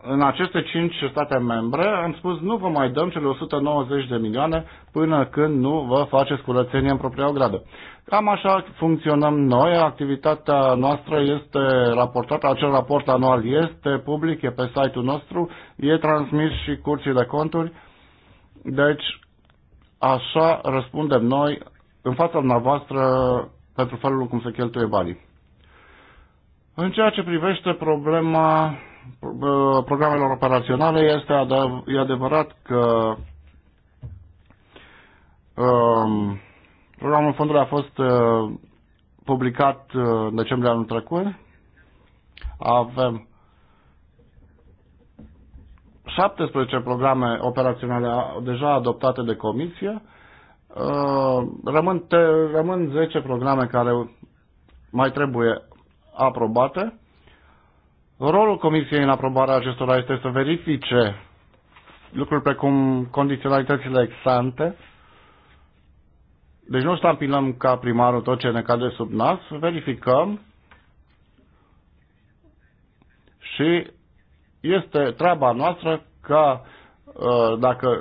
în aceste 5 state membre am spus nu vă mai dăm cele 190 de milioane până când nu vă faceți curățenie în propria ogradă. Cam așa funcționăm noi, activitatea noastră este raportată, acel raport anual este public, e pe site-ul nostru, e transmis și curții de conturi. Uh, deci, așa răspundem noi în fața dumneavoastră pentru felul cum se cheltuie banii. În ceea ce privește problema uh, programelor operaționale, este adev- e adevărat că um, programul fondului a fost uh, publicat uh, în decembrie anul trecut. Avem 17 programe operaționale deja adoptate de comisie, uh, rămân, te, rămân 10 programe care mai trebuie aprobate. Rolul comisiei în aprobarea acestora este să verifice lucruri precum condiționalitățile exante, deci nu stampilăm ca primarul tot ce ne cade sub nas, verificăm și este treaba noastră ca uh, dacă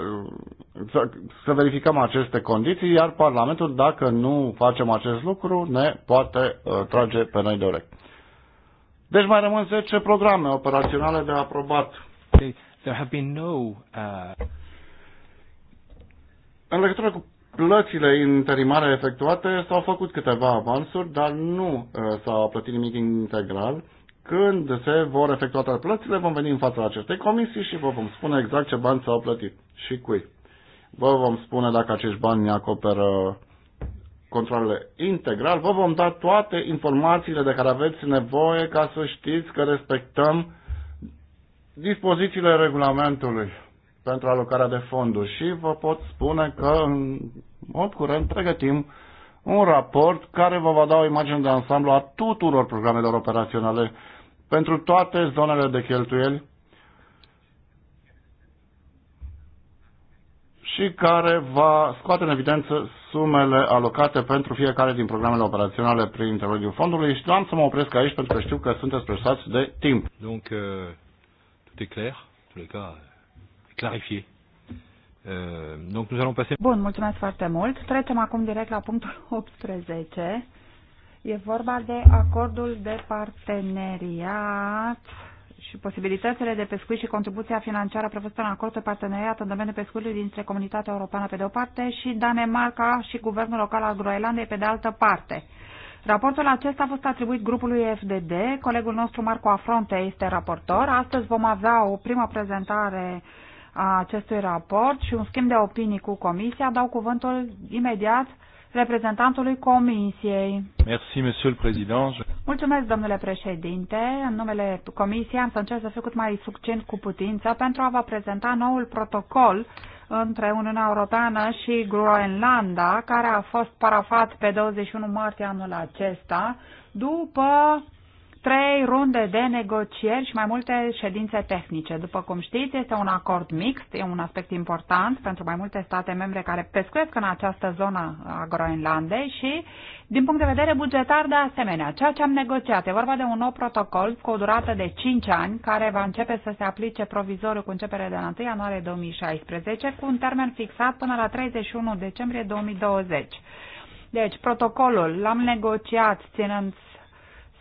să, să verificăm aceste condiții, iar Parlamentul, dacă nu facem acest lucru, ne poate uh, trage pe noi de urechi. Deci mai rămân 10 programe operaționale de aprobat. There have been no, uh... În legătură cu plățile interimare efectuate s-au făcut câteva avansuri, dar nu uh, s-a plătit nimic integral când se vor efectua toate plățile, vom veni în fața acestei comisii și vă vom spune exact ce bani s-au plătit și cui. Vă vom spune dacă acești bani ne acoperă controlele integral, vă vom da toate informațiile de care aveți nevoie ca să știți că respectăm dispozițiile regulamentului pentru alocarea de fonduri și vă pot spune că în mod curent pregătim un raport care vă va da o imagine de ansamblu a tuturor programelor operaționale pentru toate zonele de cheltuieli și care va scoate în evidență sumele alocate pentru fiecare din programele operaționale prin intermediul fondului și nu am să mă opresc aici pentru că știu că sunteți presați de timp. Donc, euh, tout est clair, tout est cas, euh, clarifié. Euh, donc nous allons passer... Bun, mulțumesc foarte mult. Trecem acum direct la punctul 18 E vorba de acordul de parteneriat și posibilitățile de pescuit și contribuția financiară prevăzută în acord de parteneriat în domeniul pescuitului dintre Comunitatea Europeană pe de o parte și Danemarca și Guvernul Local al Groenlandei pe de altă parte. Raportul acesta a fost atribuit grupului FDD. Colegul nostru Marco Afronte este raportor. Astăzi vom avea o primă prezentare a acestui raport și un schimb de opinii cu Comisia. Dau cuvântul imediat reprezentantului Comisiei. Merci, Monsieur le Président. Mulțumesc, domnule președinte. În numele Comisiei am să încerc să fiu cât mai succint cu putință pentru a vă prezenta noul protocol între Uniunea Europeană și Groenlanda, care a fost parafat pe 21 martie anul acesta, după trei runde de negocieri și mai multe ședințe tehnice. După cum știți, este un acord mixt, e un aspect important pentru mai multe state membre care pescuiesc în această zonă a Groenlandei și, din punct de vedere bugetar, de asemenea, ceea ce am negociat. E vorba de un nou protocol cu o durată de 5 ani care va începe să se aplice provizoriu cu începere de la 1 ianuarie 2016 cu un termen fixat până la 31 decembrie 2020. Deci, protocolul l-am negociat ținând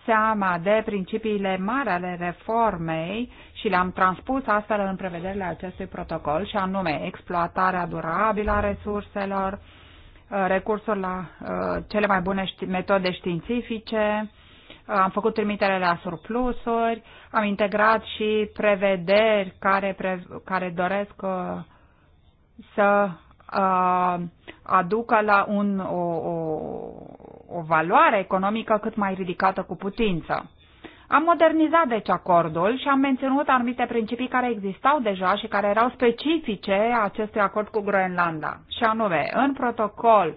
seama de principiile mari ale reformei și le-am transpus astfel în prevederile acestui protocol, și anume exploatarea durabilă a resurselor, uh, recursul la uh, cele mai bune metode științifice, uh, am făcut trimitere la surplusuri, am integrat și prevederi care, pre, care doresc să aducă la un, o, o, o valoare economică cât mai ridicată cu putință. Am modernizat deci acordul și am menținut anumite principii care existau deja și care erau specifice acestui acord cu Groenlanda. Și anume, în protocol,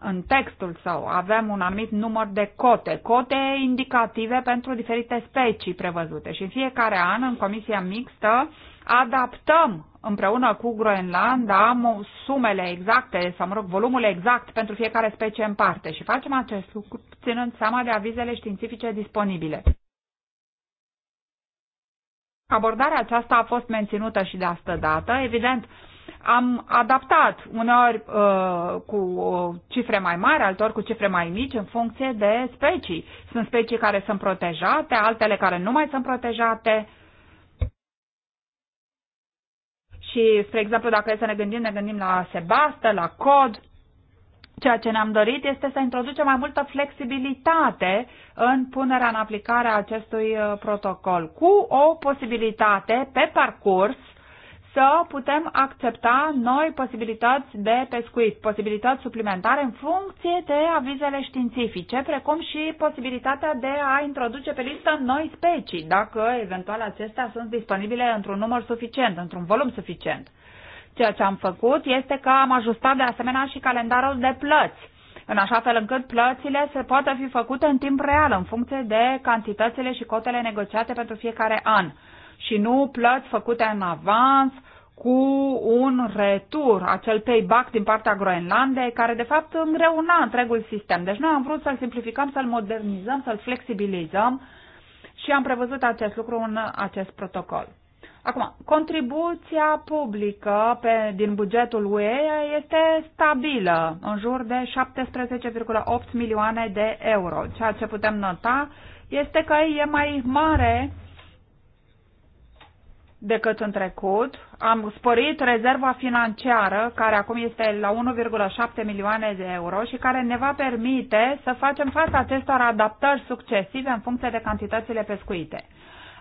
în textul său, avem un anumit număr de cote, cote indicative pentru diferite specii prevăzute și în fiecare an, în Comisia Mixtă, adaptăm împreună cu Groenlanda am sumele exacte, sau mă rog, volumul exact pentru fiecare specie în parte și facem acest lucru ținând seama de avizele științifice disponibile. Abordarea aceasta a fost menținută și de asta dată. Evident, am adaptat uneori uh, cu uh, cifre mai mari, altor cu cifre mai mici, în funcție de specii. Sunt specii care sunt protejate, altele care nu mai sunt protejate. Și, spre exemplu, dacă e să ne gândim, ne gândim la sebastă, la cod. Ceea ce ne-am dorit este să introducem mai multă flexibilitate în punerea în aplicare a acestui uh, protocol, cu o posibilitate pe parcurs să putem accepta noi posibilități de pescuit, posibilități suplimentare în funcție de avizele științifice, precum și posibilitatea de a introduce pe listă noi specii, dacă eventual acestea sunt disponibile într-un număr suficient, într-un volum suficient. Ceea ce am făcut este că am ajustat de asemenea și calendarul de plăți, în așa fel încât plățile se poată fi făcute în timp real, în funcție de cantitățile și cotele negociate pentru fiecare an și nu plăți făcute în avans cu un retur, acel payback din partea Groenlandei, care de fapt îngreuna întregul sistem. Deci noi am vrut să-l simplificăm, să-l modernizăm, să-l flexibilizăm și am prevăzut acest lucru în acest protocol. Acum, contribuția publică pe, din bugetul UE este stabilă, în jur de 17,8 milioane de euro. Ceea ce putem nota este că e mai mare decât în trecut. Am sporit rezerva financiară, care acum este la 1,7 milioane de euro și care ne va permite să facem față acestor adaptări succesive în funcție de cantitățile pescuite.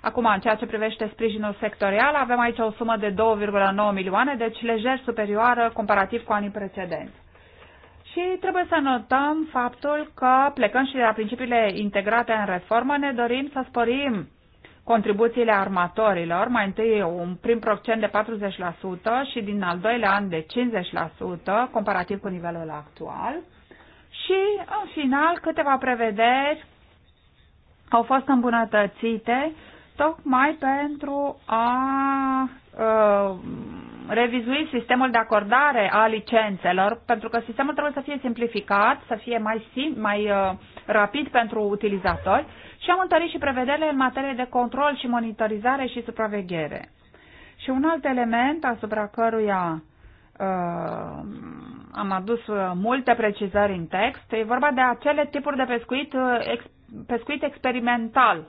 Acum, în ceea ce privește sprijinul sectorial, avem aici o sumă de 2,9 milioane, deci lejer superioară comparativ cu anii precedenți. Și trebuie să notăm faptul că, plecând și de la principiile integrate în reformă, ne dorim să sporim contribuțiile armatorilor, mai întâi un prim procent de 40% și din al doilea an de 50%, comparativ cu nivelul actual. Și, în final, câteva prevederi au fost îmbunătățite tocmai pentru a uh, revizui sistemul de acordare a licențelor, pentru că sistemul trebuie să fie simplificat, să fie mai, sim, mai uh, rapid pentru utilizatori și am întărit și prevederile în materie de control și monitorizare și supraveghere. Și un alt element asupra căruia uh, am adus uh, multe precizări în text, e vorba de acele tipuri de pescuit, uh, ex, pescuit experimental,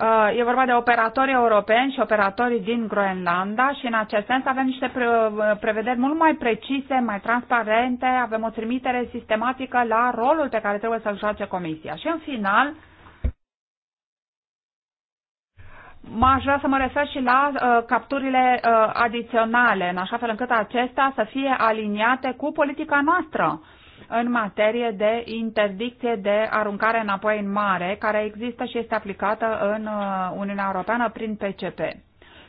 Uh, e vorba de operatori europeni și operatorii din Groenlanda și în acest sens avem niște uh, prevederi mult mai precise, mai transparente, avem o trimitere sistematică la rolul pe care trebuie să-l joace Comisia. Și în final, M-aș vrea să mă refer și la uh, capturile uh, adiționale, în așa fel încât acestea să fie aliniate cu politica noastră în materie de interdicție de aruncare înapoi în mare, care există și este aplicată în uh, Uniunea Europeană prin PCP.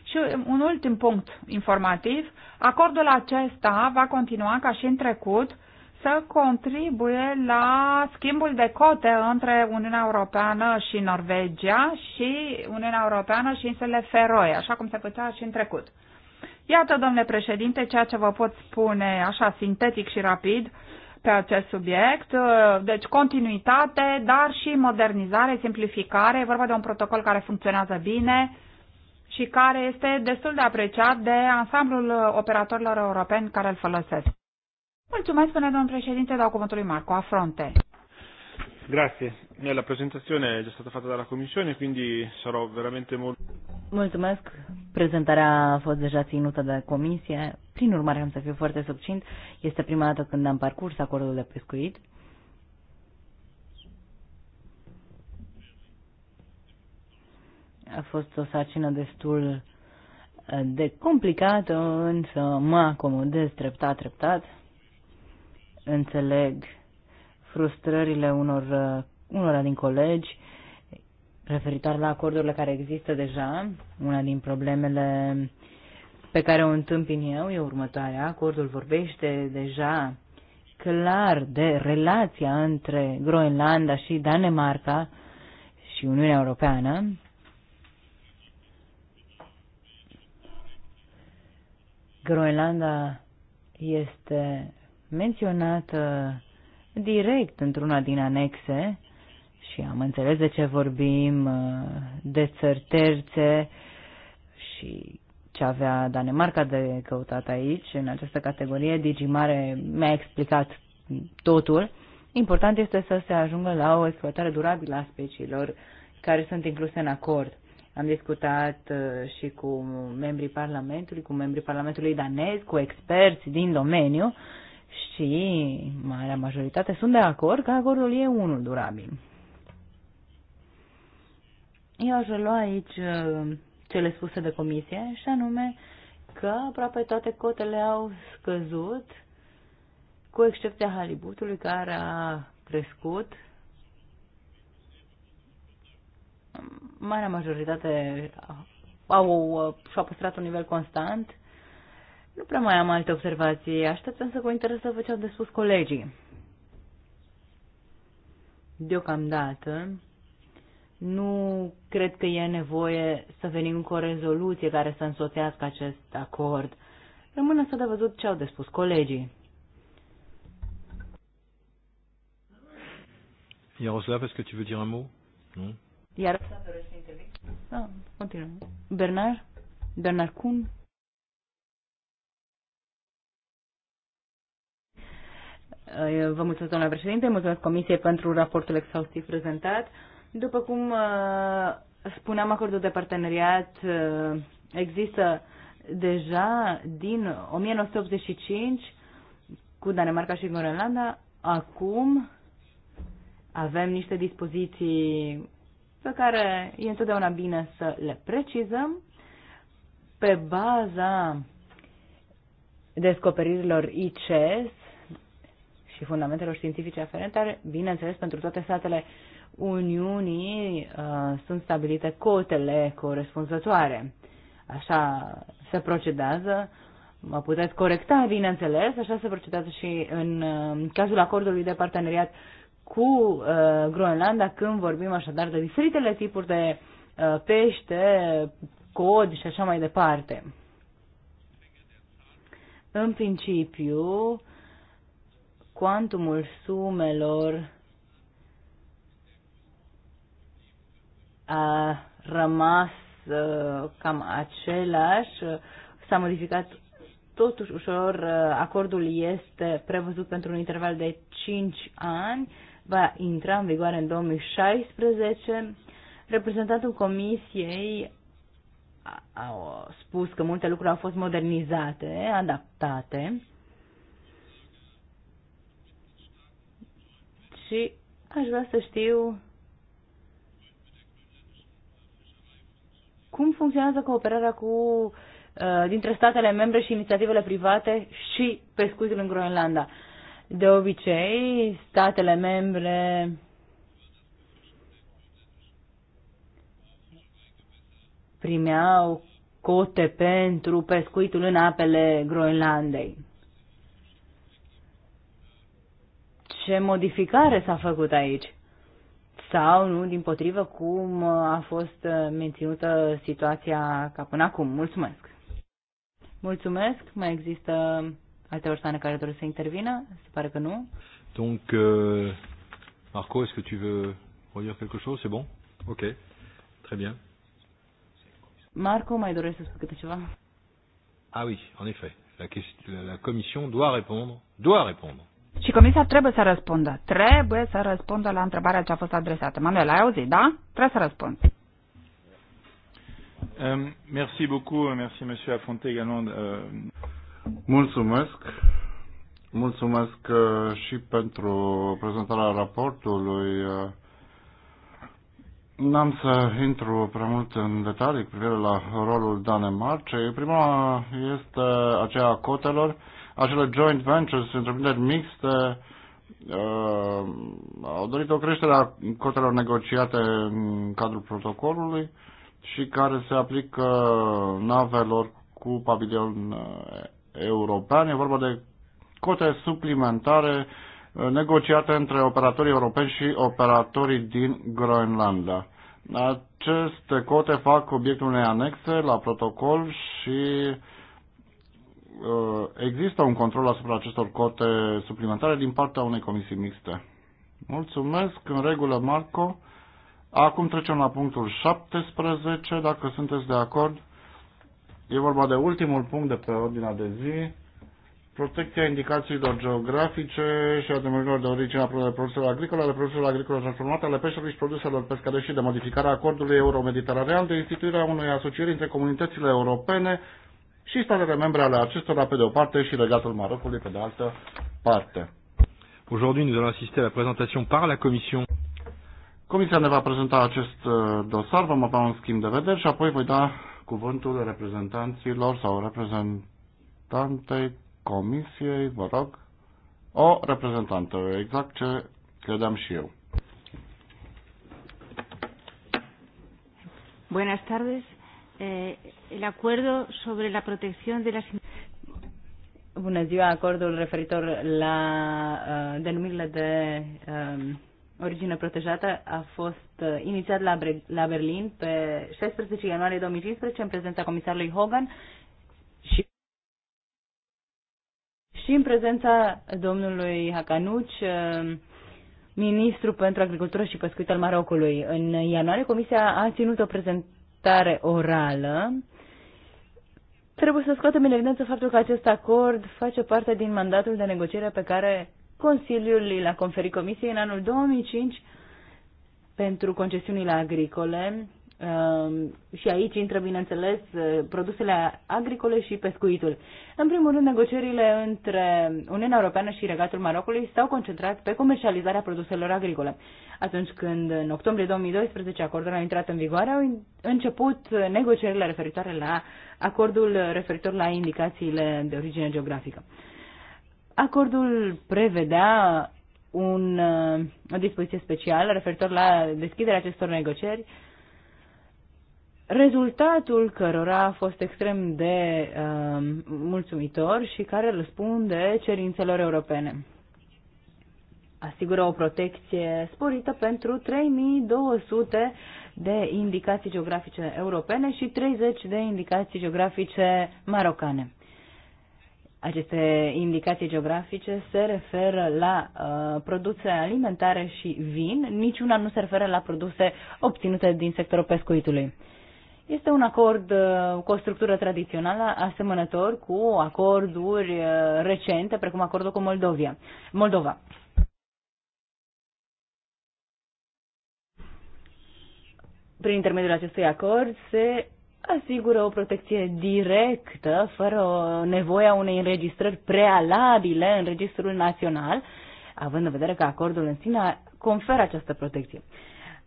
Și un ultim punct informativ, acordul acesta va continua ca și în trecut să contribuie la schimbul de cote între Uniunea Europeană și Norvegia și Uniunea Europeană și insulele Feroe, așa cum se făcea și în trecut. Iată, domnule președinte, ceea ce vă pot spune așa sintetic și rapid pe acest subiect. Uh, deci continuitate, dar și modernizare, simplificare. E vorba de un protocol care funcționează bine și care este destul de apreciat de ansamblul operatorilor europeni care îl folosesc. Mulțumesc, spune domnul președinte, dau cuvântul lui Marco Afronte. Grazie. Eh, la presentazione è già stata fatta dalla Commissione, quindi sarò veramente molto... Mulțumesc. Prezentarea a fost deja ținută de Comisie. Prin urmare, am să fiu foarte subțint. Este prima dată când am parcurs acordul de pescuit. A fost o sarcină destul eh, de complicată, însă mă acomodez treptat, treptat. Înțeleg frustrările unor, uh, unora din colegi referitor la acordurile care există deja. Una din problemele pe care o întâmpin eu e următoarea. Acordul vorbește deja clar de relația între Groenlanda și Danemarca și Uniunea Europeană. Groenlanda este menționată direct într-una din anexe și am înțeles de ce vorbim uh, de țări terțe și ce avea Danemarca de căutat aici, în această categorie. Digimare mi-a explicat totul. Important este să se ajungă la o exploatare durabilă a speciilor care sunt incluse în acord. Am discutat uh, și cu membrii Parlamentului, cu membrii Parlamentului danez, cu experți din domeniu și marea majoritate sunt de acord că acordul e unul durabil. Eu aș lua aici uh, cele spuse de comisie și anume că aproape toate cotele au scăzut, cu excepția halibutului care a crescut. Marea majoritate au, și-au păstrat un nivel constant nu prea mai am alte observații. Aștept să cu interes să vă ce au de spus colegii. Deocamdată, nu cred că e nevoie să venim cu o rezoluție care să însoțească acest acord. Rămâne să de văzut ce au de spus colegii. Iaroslav, est-ce que tu veux dire un mot? Nu? Iar. dorești să da, Bernard? Bernard Kuhn? Eh, vă mulțumesc, domnule președinte, mulțumesc Comisiei pentru raportul exhaustiv prezentat. După cum eh, spuneam, acordul de parteneriat eh, există deja din 1985 cu Danemarca și Groenlanda. Acum avem niște dispoziții pe care e întotdeauna bine să le precizăm pe baza descoperirilor ICES și fundamentelor științifice aferente, bineînțeles, pentru toate statele Uniunii uh, sunt stabilite cotele corespunzătoare. Așa se procedează, mă puteți corecta, bineînțeles, așa se procedează și în uh, cazul acordului de parteneriat cu uh, Groenlanda, când vorbim așadar de diferitele tipuri de uh, pește, cod și așa mai departe. În principiu, cuantumul sumelor a rămas uh, cam același, s-a modificat totuși ușor, uh, acordul este prevăzut pentru un interval de 5 ani, va intra în vigoare în 2016. Reprezentantul Comisiei a spus că multe lucruri au fost modernizate, adaptate. și aș vrea să știu cum funcționează cooperarea cu uh, dintre statele membre și inițiativele private și pescuitul în Groenlanda. De obicei, statele membre primeau cote pentru pescuitul în apele Groenlandei. ce modificare s-a făcut aici sau nu, din potrivă, cum a fost uh, menținută situația ca până acum. Mulțumesc! Mulțumesc! Mai există alte persoane care doresc să intervină? Se pare că nu. Donc, euh, Marco, est-ce que tu veux redire quelque chose? C'est bon? Ok. Très bien. Marco, mai doresc să spui câte ceva? Ah oui, en effet. La, question, la commission doit répondre, doit répondre și comisia trebuie să răspundă. Trebuie să răspundă la întrebarea ce a fost adresată. Manuel, ai auzit, da? Trebuie să răspunzi. Um, merci beaucoup, merci monsieur Afonte également. Uh... Mulțumesc. Mulțumesc uh, și pentru prezentarea raportului. Uh, N-am să intru prea mult în detalii cu privire la rolul Danemarcei. Prima este aceea a cotelor. Uh, acele joint ventures, întreprinderi mixte, uh, au dorit o creștere a cotelor negociate în cadrul protocolului și care se aplică navelor cu pavilion uh, european. E vorba de cote suplimentare uh, negociate între operatorii europeni și operatorii din Groenlanda. Aceste cote fac obiectul unei anexe la protocol și uh, Uh, există un control asupra acestor cote suplimentare din partea unei comisii mixte. Mulțumesc, în regulă, Marco. Acum trecem la punctul 17, dacă sunteți de acord. E vorba de ultimul punct de pe ordinea de zi, protecția indicațiilor geografice și a temerilor de origine a produselor agricole, ale produselor agricole transformate, ale peșterilor și produselor pescare și de modificarea acordului euro-mediteranean de instituirea unei asocieri între comunitățile europene și statele membre ale acestora pe de o parte și legatul Marocului pe de altă parte. Aujourd'hui, nous allons assister à la présentation par la Commission. Comisia ne va prezenta acest uh, dosar, vom avea un schimb de vedere și apoi voi da cuvântul reprezentanților sau reprezentantei Comisiei, vă rog, o reprezentantă, exact ce credeam și eu. Buenas tardes eh, el acuerdo sobre la protección de las. Bună ziua, acordul referitor la uh, denumirile de uh, origine protejată a fost uh, inițiat la, Bre- la Berlin pe 16 ianuarie 2015 în prezența comisarului Hogan și și în prezența domnului uh, ministru pentru agricultură și pescuit al Marocului. În ianuarie, Comisia a ținut o prezentare adoptare orală, trebuie să scoatem în evidență faptul că acest acord face parte din mandatul de negociere pe care Consiliul l-a conferit Comisiei în anul 2005 pentru concesiunile agricole Um, și aici intră, bineînțeles, uh, produsele agricole și pescuitul. În primul rând, negocierile între Uniunea Europeană și Regatul Marocului s-au concentrat pe comercializarea produselor agricole. Atunci când, în octombrie 2012, acordul a intrat în vigoare, au început negocierile referitoare la acordul referitor la indicațiile de origine geografică. Acordul prevedea un, uh, o dispoziție specială referitor la deschiderea acestor negocieri uh, rezultatul cărora a fost extrem de uh, mulțumitor și care răspunde cerințelor europene. Asigură o protecție sporită pentru 3200 de indicații geografice europene și 30 de indicații geografice marocane. Aceste indicații geografice se referă la uh, produse alimentare și vin, niciuna nu se referă la produse obținute din sectorul pescuitului. Este un acord uh, cu o structură tradițională asemănător cu acorduri uh, recente, precum acordul cu Moldovia, Moldova. Prin intermediul acestui acord se asigură o protecție directă, fără nevoia unei înregistrări prealabile în Registrul Național, având în vedere că acordul în sine conferă această protecție.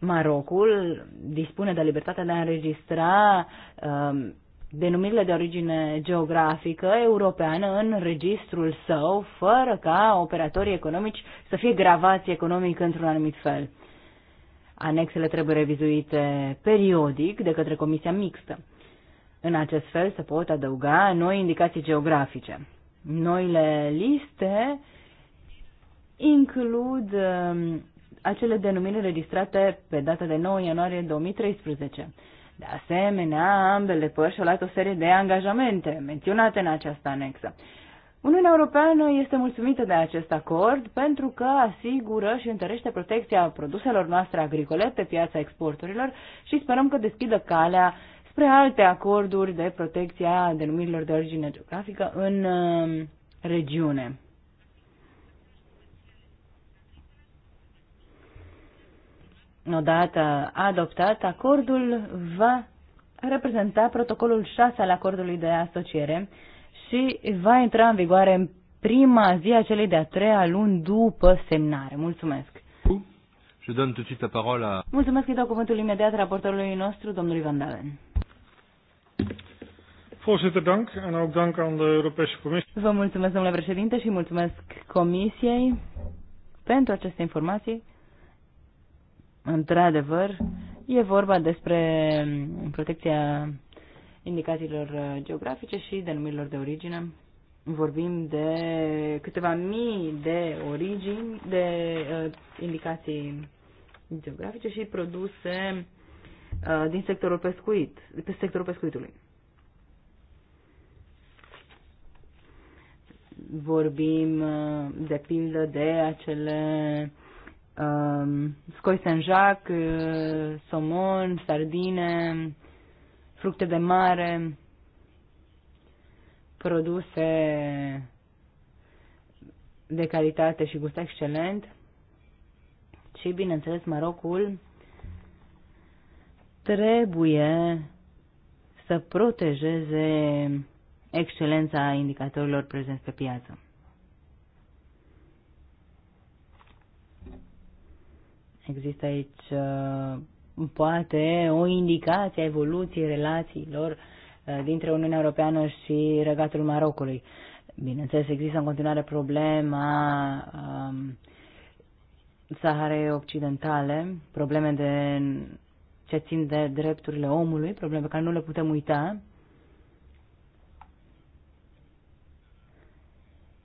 Marocul dispune de libertatea de a înregistra um, denumirile de origine geografică europeană în registrul său, fără ca operatorii economici să fie gravați economic într-un anumit fel. Anexele trebuie revizuite periodic de către Comisia Mixtă. În acest fel se pot adăuga noi indicații geografice. Noile liste includ um, acele denumiri registrate pe data de 9 ianuarie 2013. De asemenea, ambele părți au luat o serie de angajamente menționate în această anexă. Uniunea Europeană este mulțumită de acest acord pentru că asigură și întărește protecția produselor noastre agricole pe piața exporturilor și sperăm că deschidă calea spre alte acorduri de protecție a denumirilor de origine geografică în uh, regiune. Odată adoptat, acordul va reprezenta protocolul 6 al acordului de asociere și va intra în vigoare în prima zi a celei de-a treia luni după semnare. Mulțumesc! Je donne tout de suite la parole à... Mulțumesc, îi dau cuvântul imediat raportorului nostru, domnului Van Dalen. Voorzitter, dank. En ook dank aan de Europese Vă mulțumesc, domnule președinte, și mulțumesc Comisiei pentru aceste informații. Într-adevăr, e vorba despre protecția indicațiilor geografice și denumirilor de origine. Vorbim de câteva mii de origini, de uh, indicații geografice și produse uh, din sectorul pescuit, pe sectorul pescuitului. Vorbim, uh, de pildă, de acele Um, scoi senjac, uh, somon, sardine, fructe de mare, produse de calitate și gust excelent și, bineînțeles, Marocul trebuie să protejeze excelența indicatorilor prezenți pe piață. Există aici uh, poate o indicație a evoluției relațiilor uh, dintre Uniunea Europeană și Regatul Marocului. Bineînțeles, există în continuare problema um, Saharei Occidentale, probleme de ce țin de drepturile omului, probleme pe care nu le putem uita.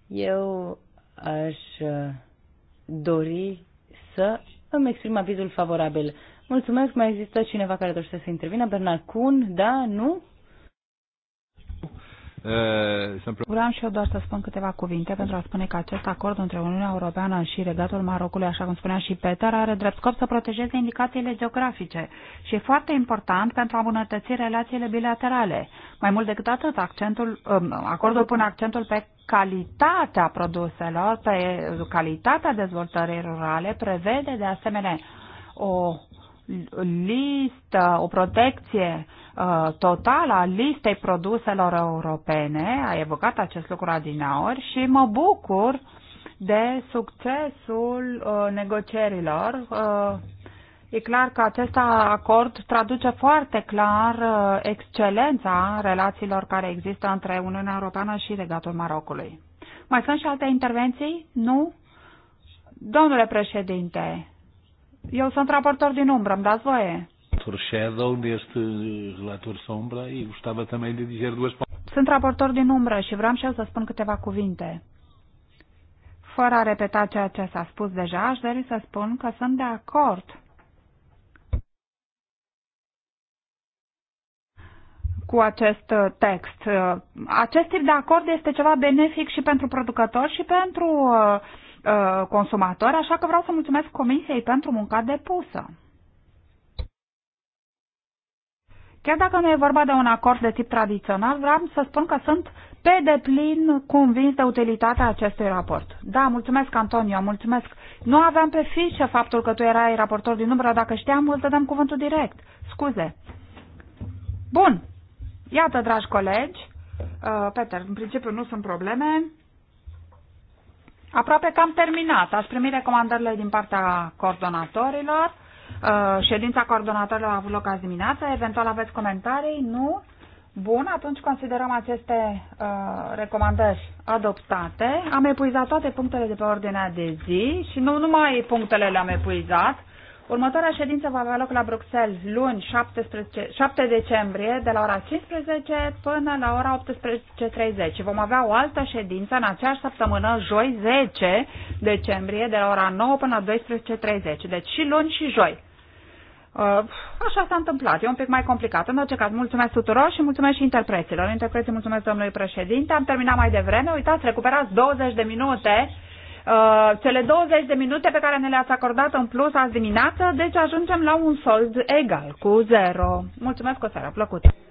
Eu aș uh, dori să îmi exprim avizul favorabil. Mulțumesc, mai există cineva care dorește să intervină? Bernard Kuhn, da, nu? Eh, Vreau și eu doar să spun câteva cuvinte pentru a spune că acest acord între Uniunea Europeană și Regatul Marocului, așa cum spunea și Peter, are drept scop să protejeze indicațiile geografice și e foarte important pentru a îmbunătăți relațiile bilaterale. Mai mult decât atât, accentul, um, acordul pune accentul pe calitatea produselor, pe calitatea dezvoltării rurale, prevede de asemenea o listă, o protecție uh, totală a listei produselor europene. A evocat acest lucru adinaori și mă bucur de succesul uh, negocierilor. Uh, e clar că acest acord traduce foarte clar uh, excelența relațiilor care există între Uniunea Europeană și Regatul Marocului. Mai sunt și alte intervenții? Nu? Domnule președinte, eu sunt raportor din umbră, îmi dați voie. Shadow este relator sombra și gustava também de dizer duas Sunt raportor din umbră și vreau și eu să spun câteva cuvinte. Fără a repeta ceea ce s-a spus deja, aș dori să spun că sunt de acord cu acest uh, text. Uh, acest tip de acord este ceva benefic și pentru producători și pentru uh, Uh, consumator, așa că vreau să mulțumesc Comisiei pentru munca depusă. Chiar dacă nu e vorba de un acord de tip tradițional, vreau să spun că sunt pe deplin convins de utilitatea acestui raport. Da, mulțumesc, Antonio, mulțumesc. Nu aveam pe fișă faptul că tu erai raportor din umbră, dacă știam, îl dăm cuvântul direct. Scuze. Bun. Iată, dragi colegi, uh, Peter, în principiu nu sunt probleme. Aproape că am terminat. Ați primit recomandările din partea coordonatorilor. Uh, ședința coordonatorilor a avut loc azi dimineață. Eventual aveți comentarii? Nu? Bun, atunci considerăm aceste uh, recomandări adoptate. Am epuizat toate punctele de pe ordinea de zi și nu numai punctele le-am epuizat, Următoarea ședință va avea loc la Bruxelles luni 17, 7 decembrie de la ora 15 până la ora 18.30. Vom avea o altă ședință în aceeași săptămână, joi 10 decembrie de la ora 9 până la 12.30. Deci și luni și joi. Uh, așa s-a întâmplat. E un pic mai complicat. În orice caz, mulțumesc tuturor și mulțumesc și interpreților. Interpreții mulțumesc domnului președinte. Am terminat mai devreme. Uitați, recuperați 20 de minute Uh, cele 20 de minute pe care ne le-ați acordat în plus azi dimineață, deci ajungem la un sold egal cu 0. Mulțumesc, o seară plăcută!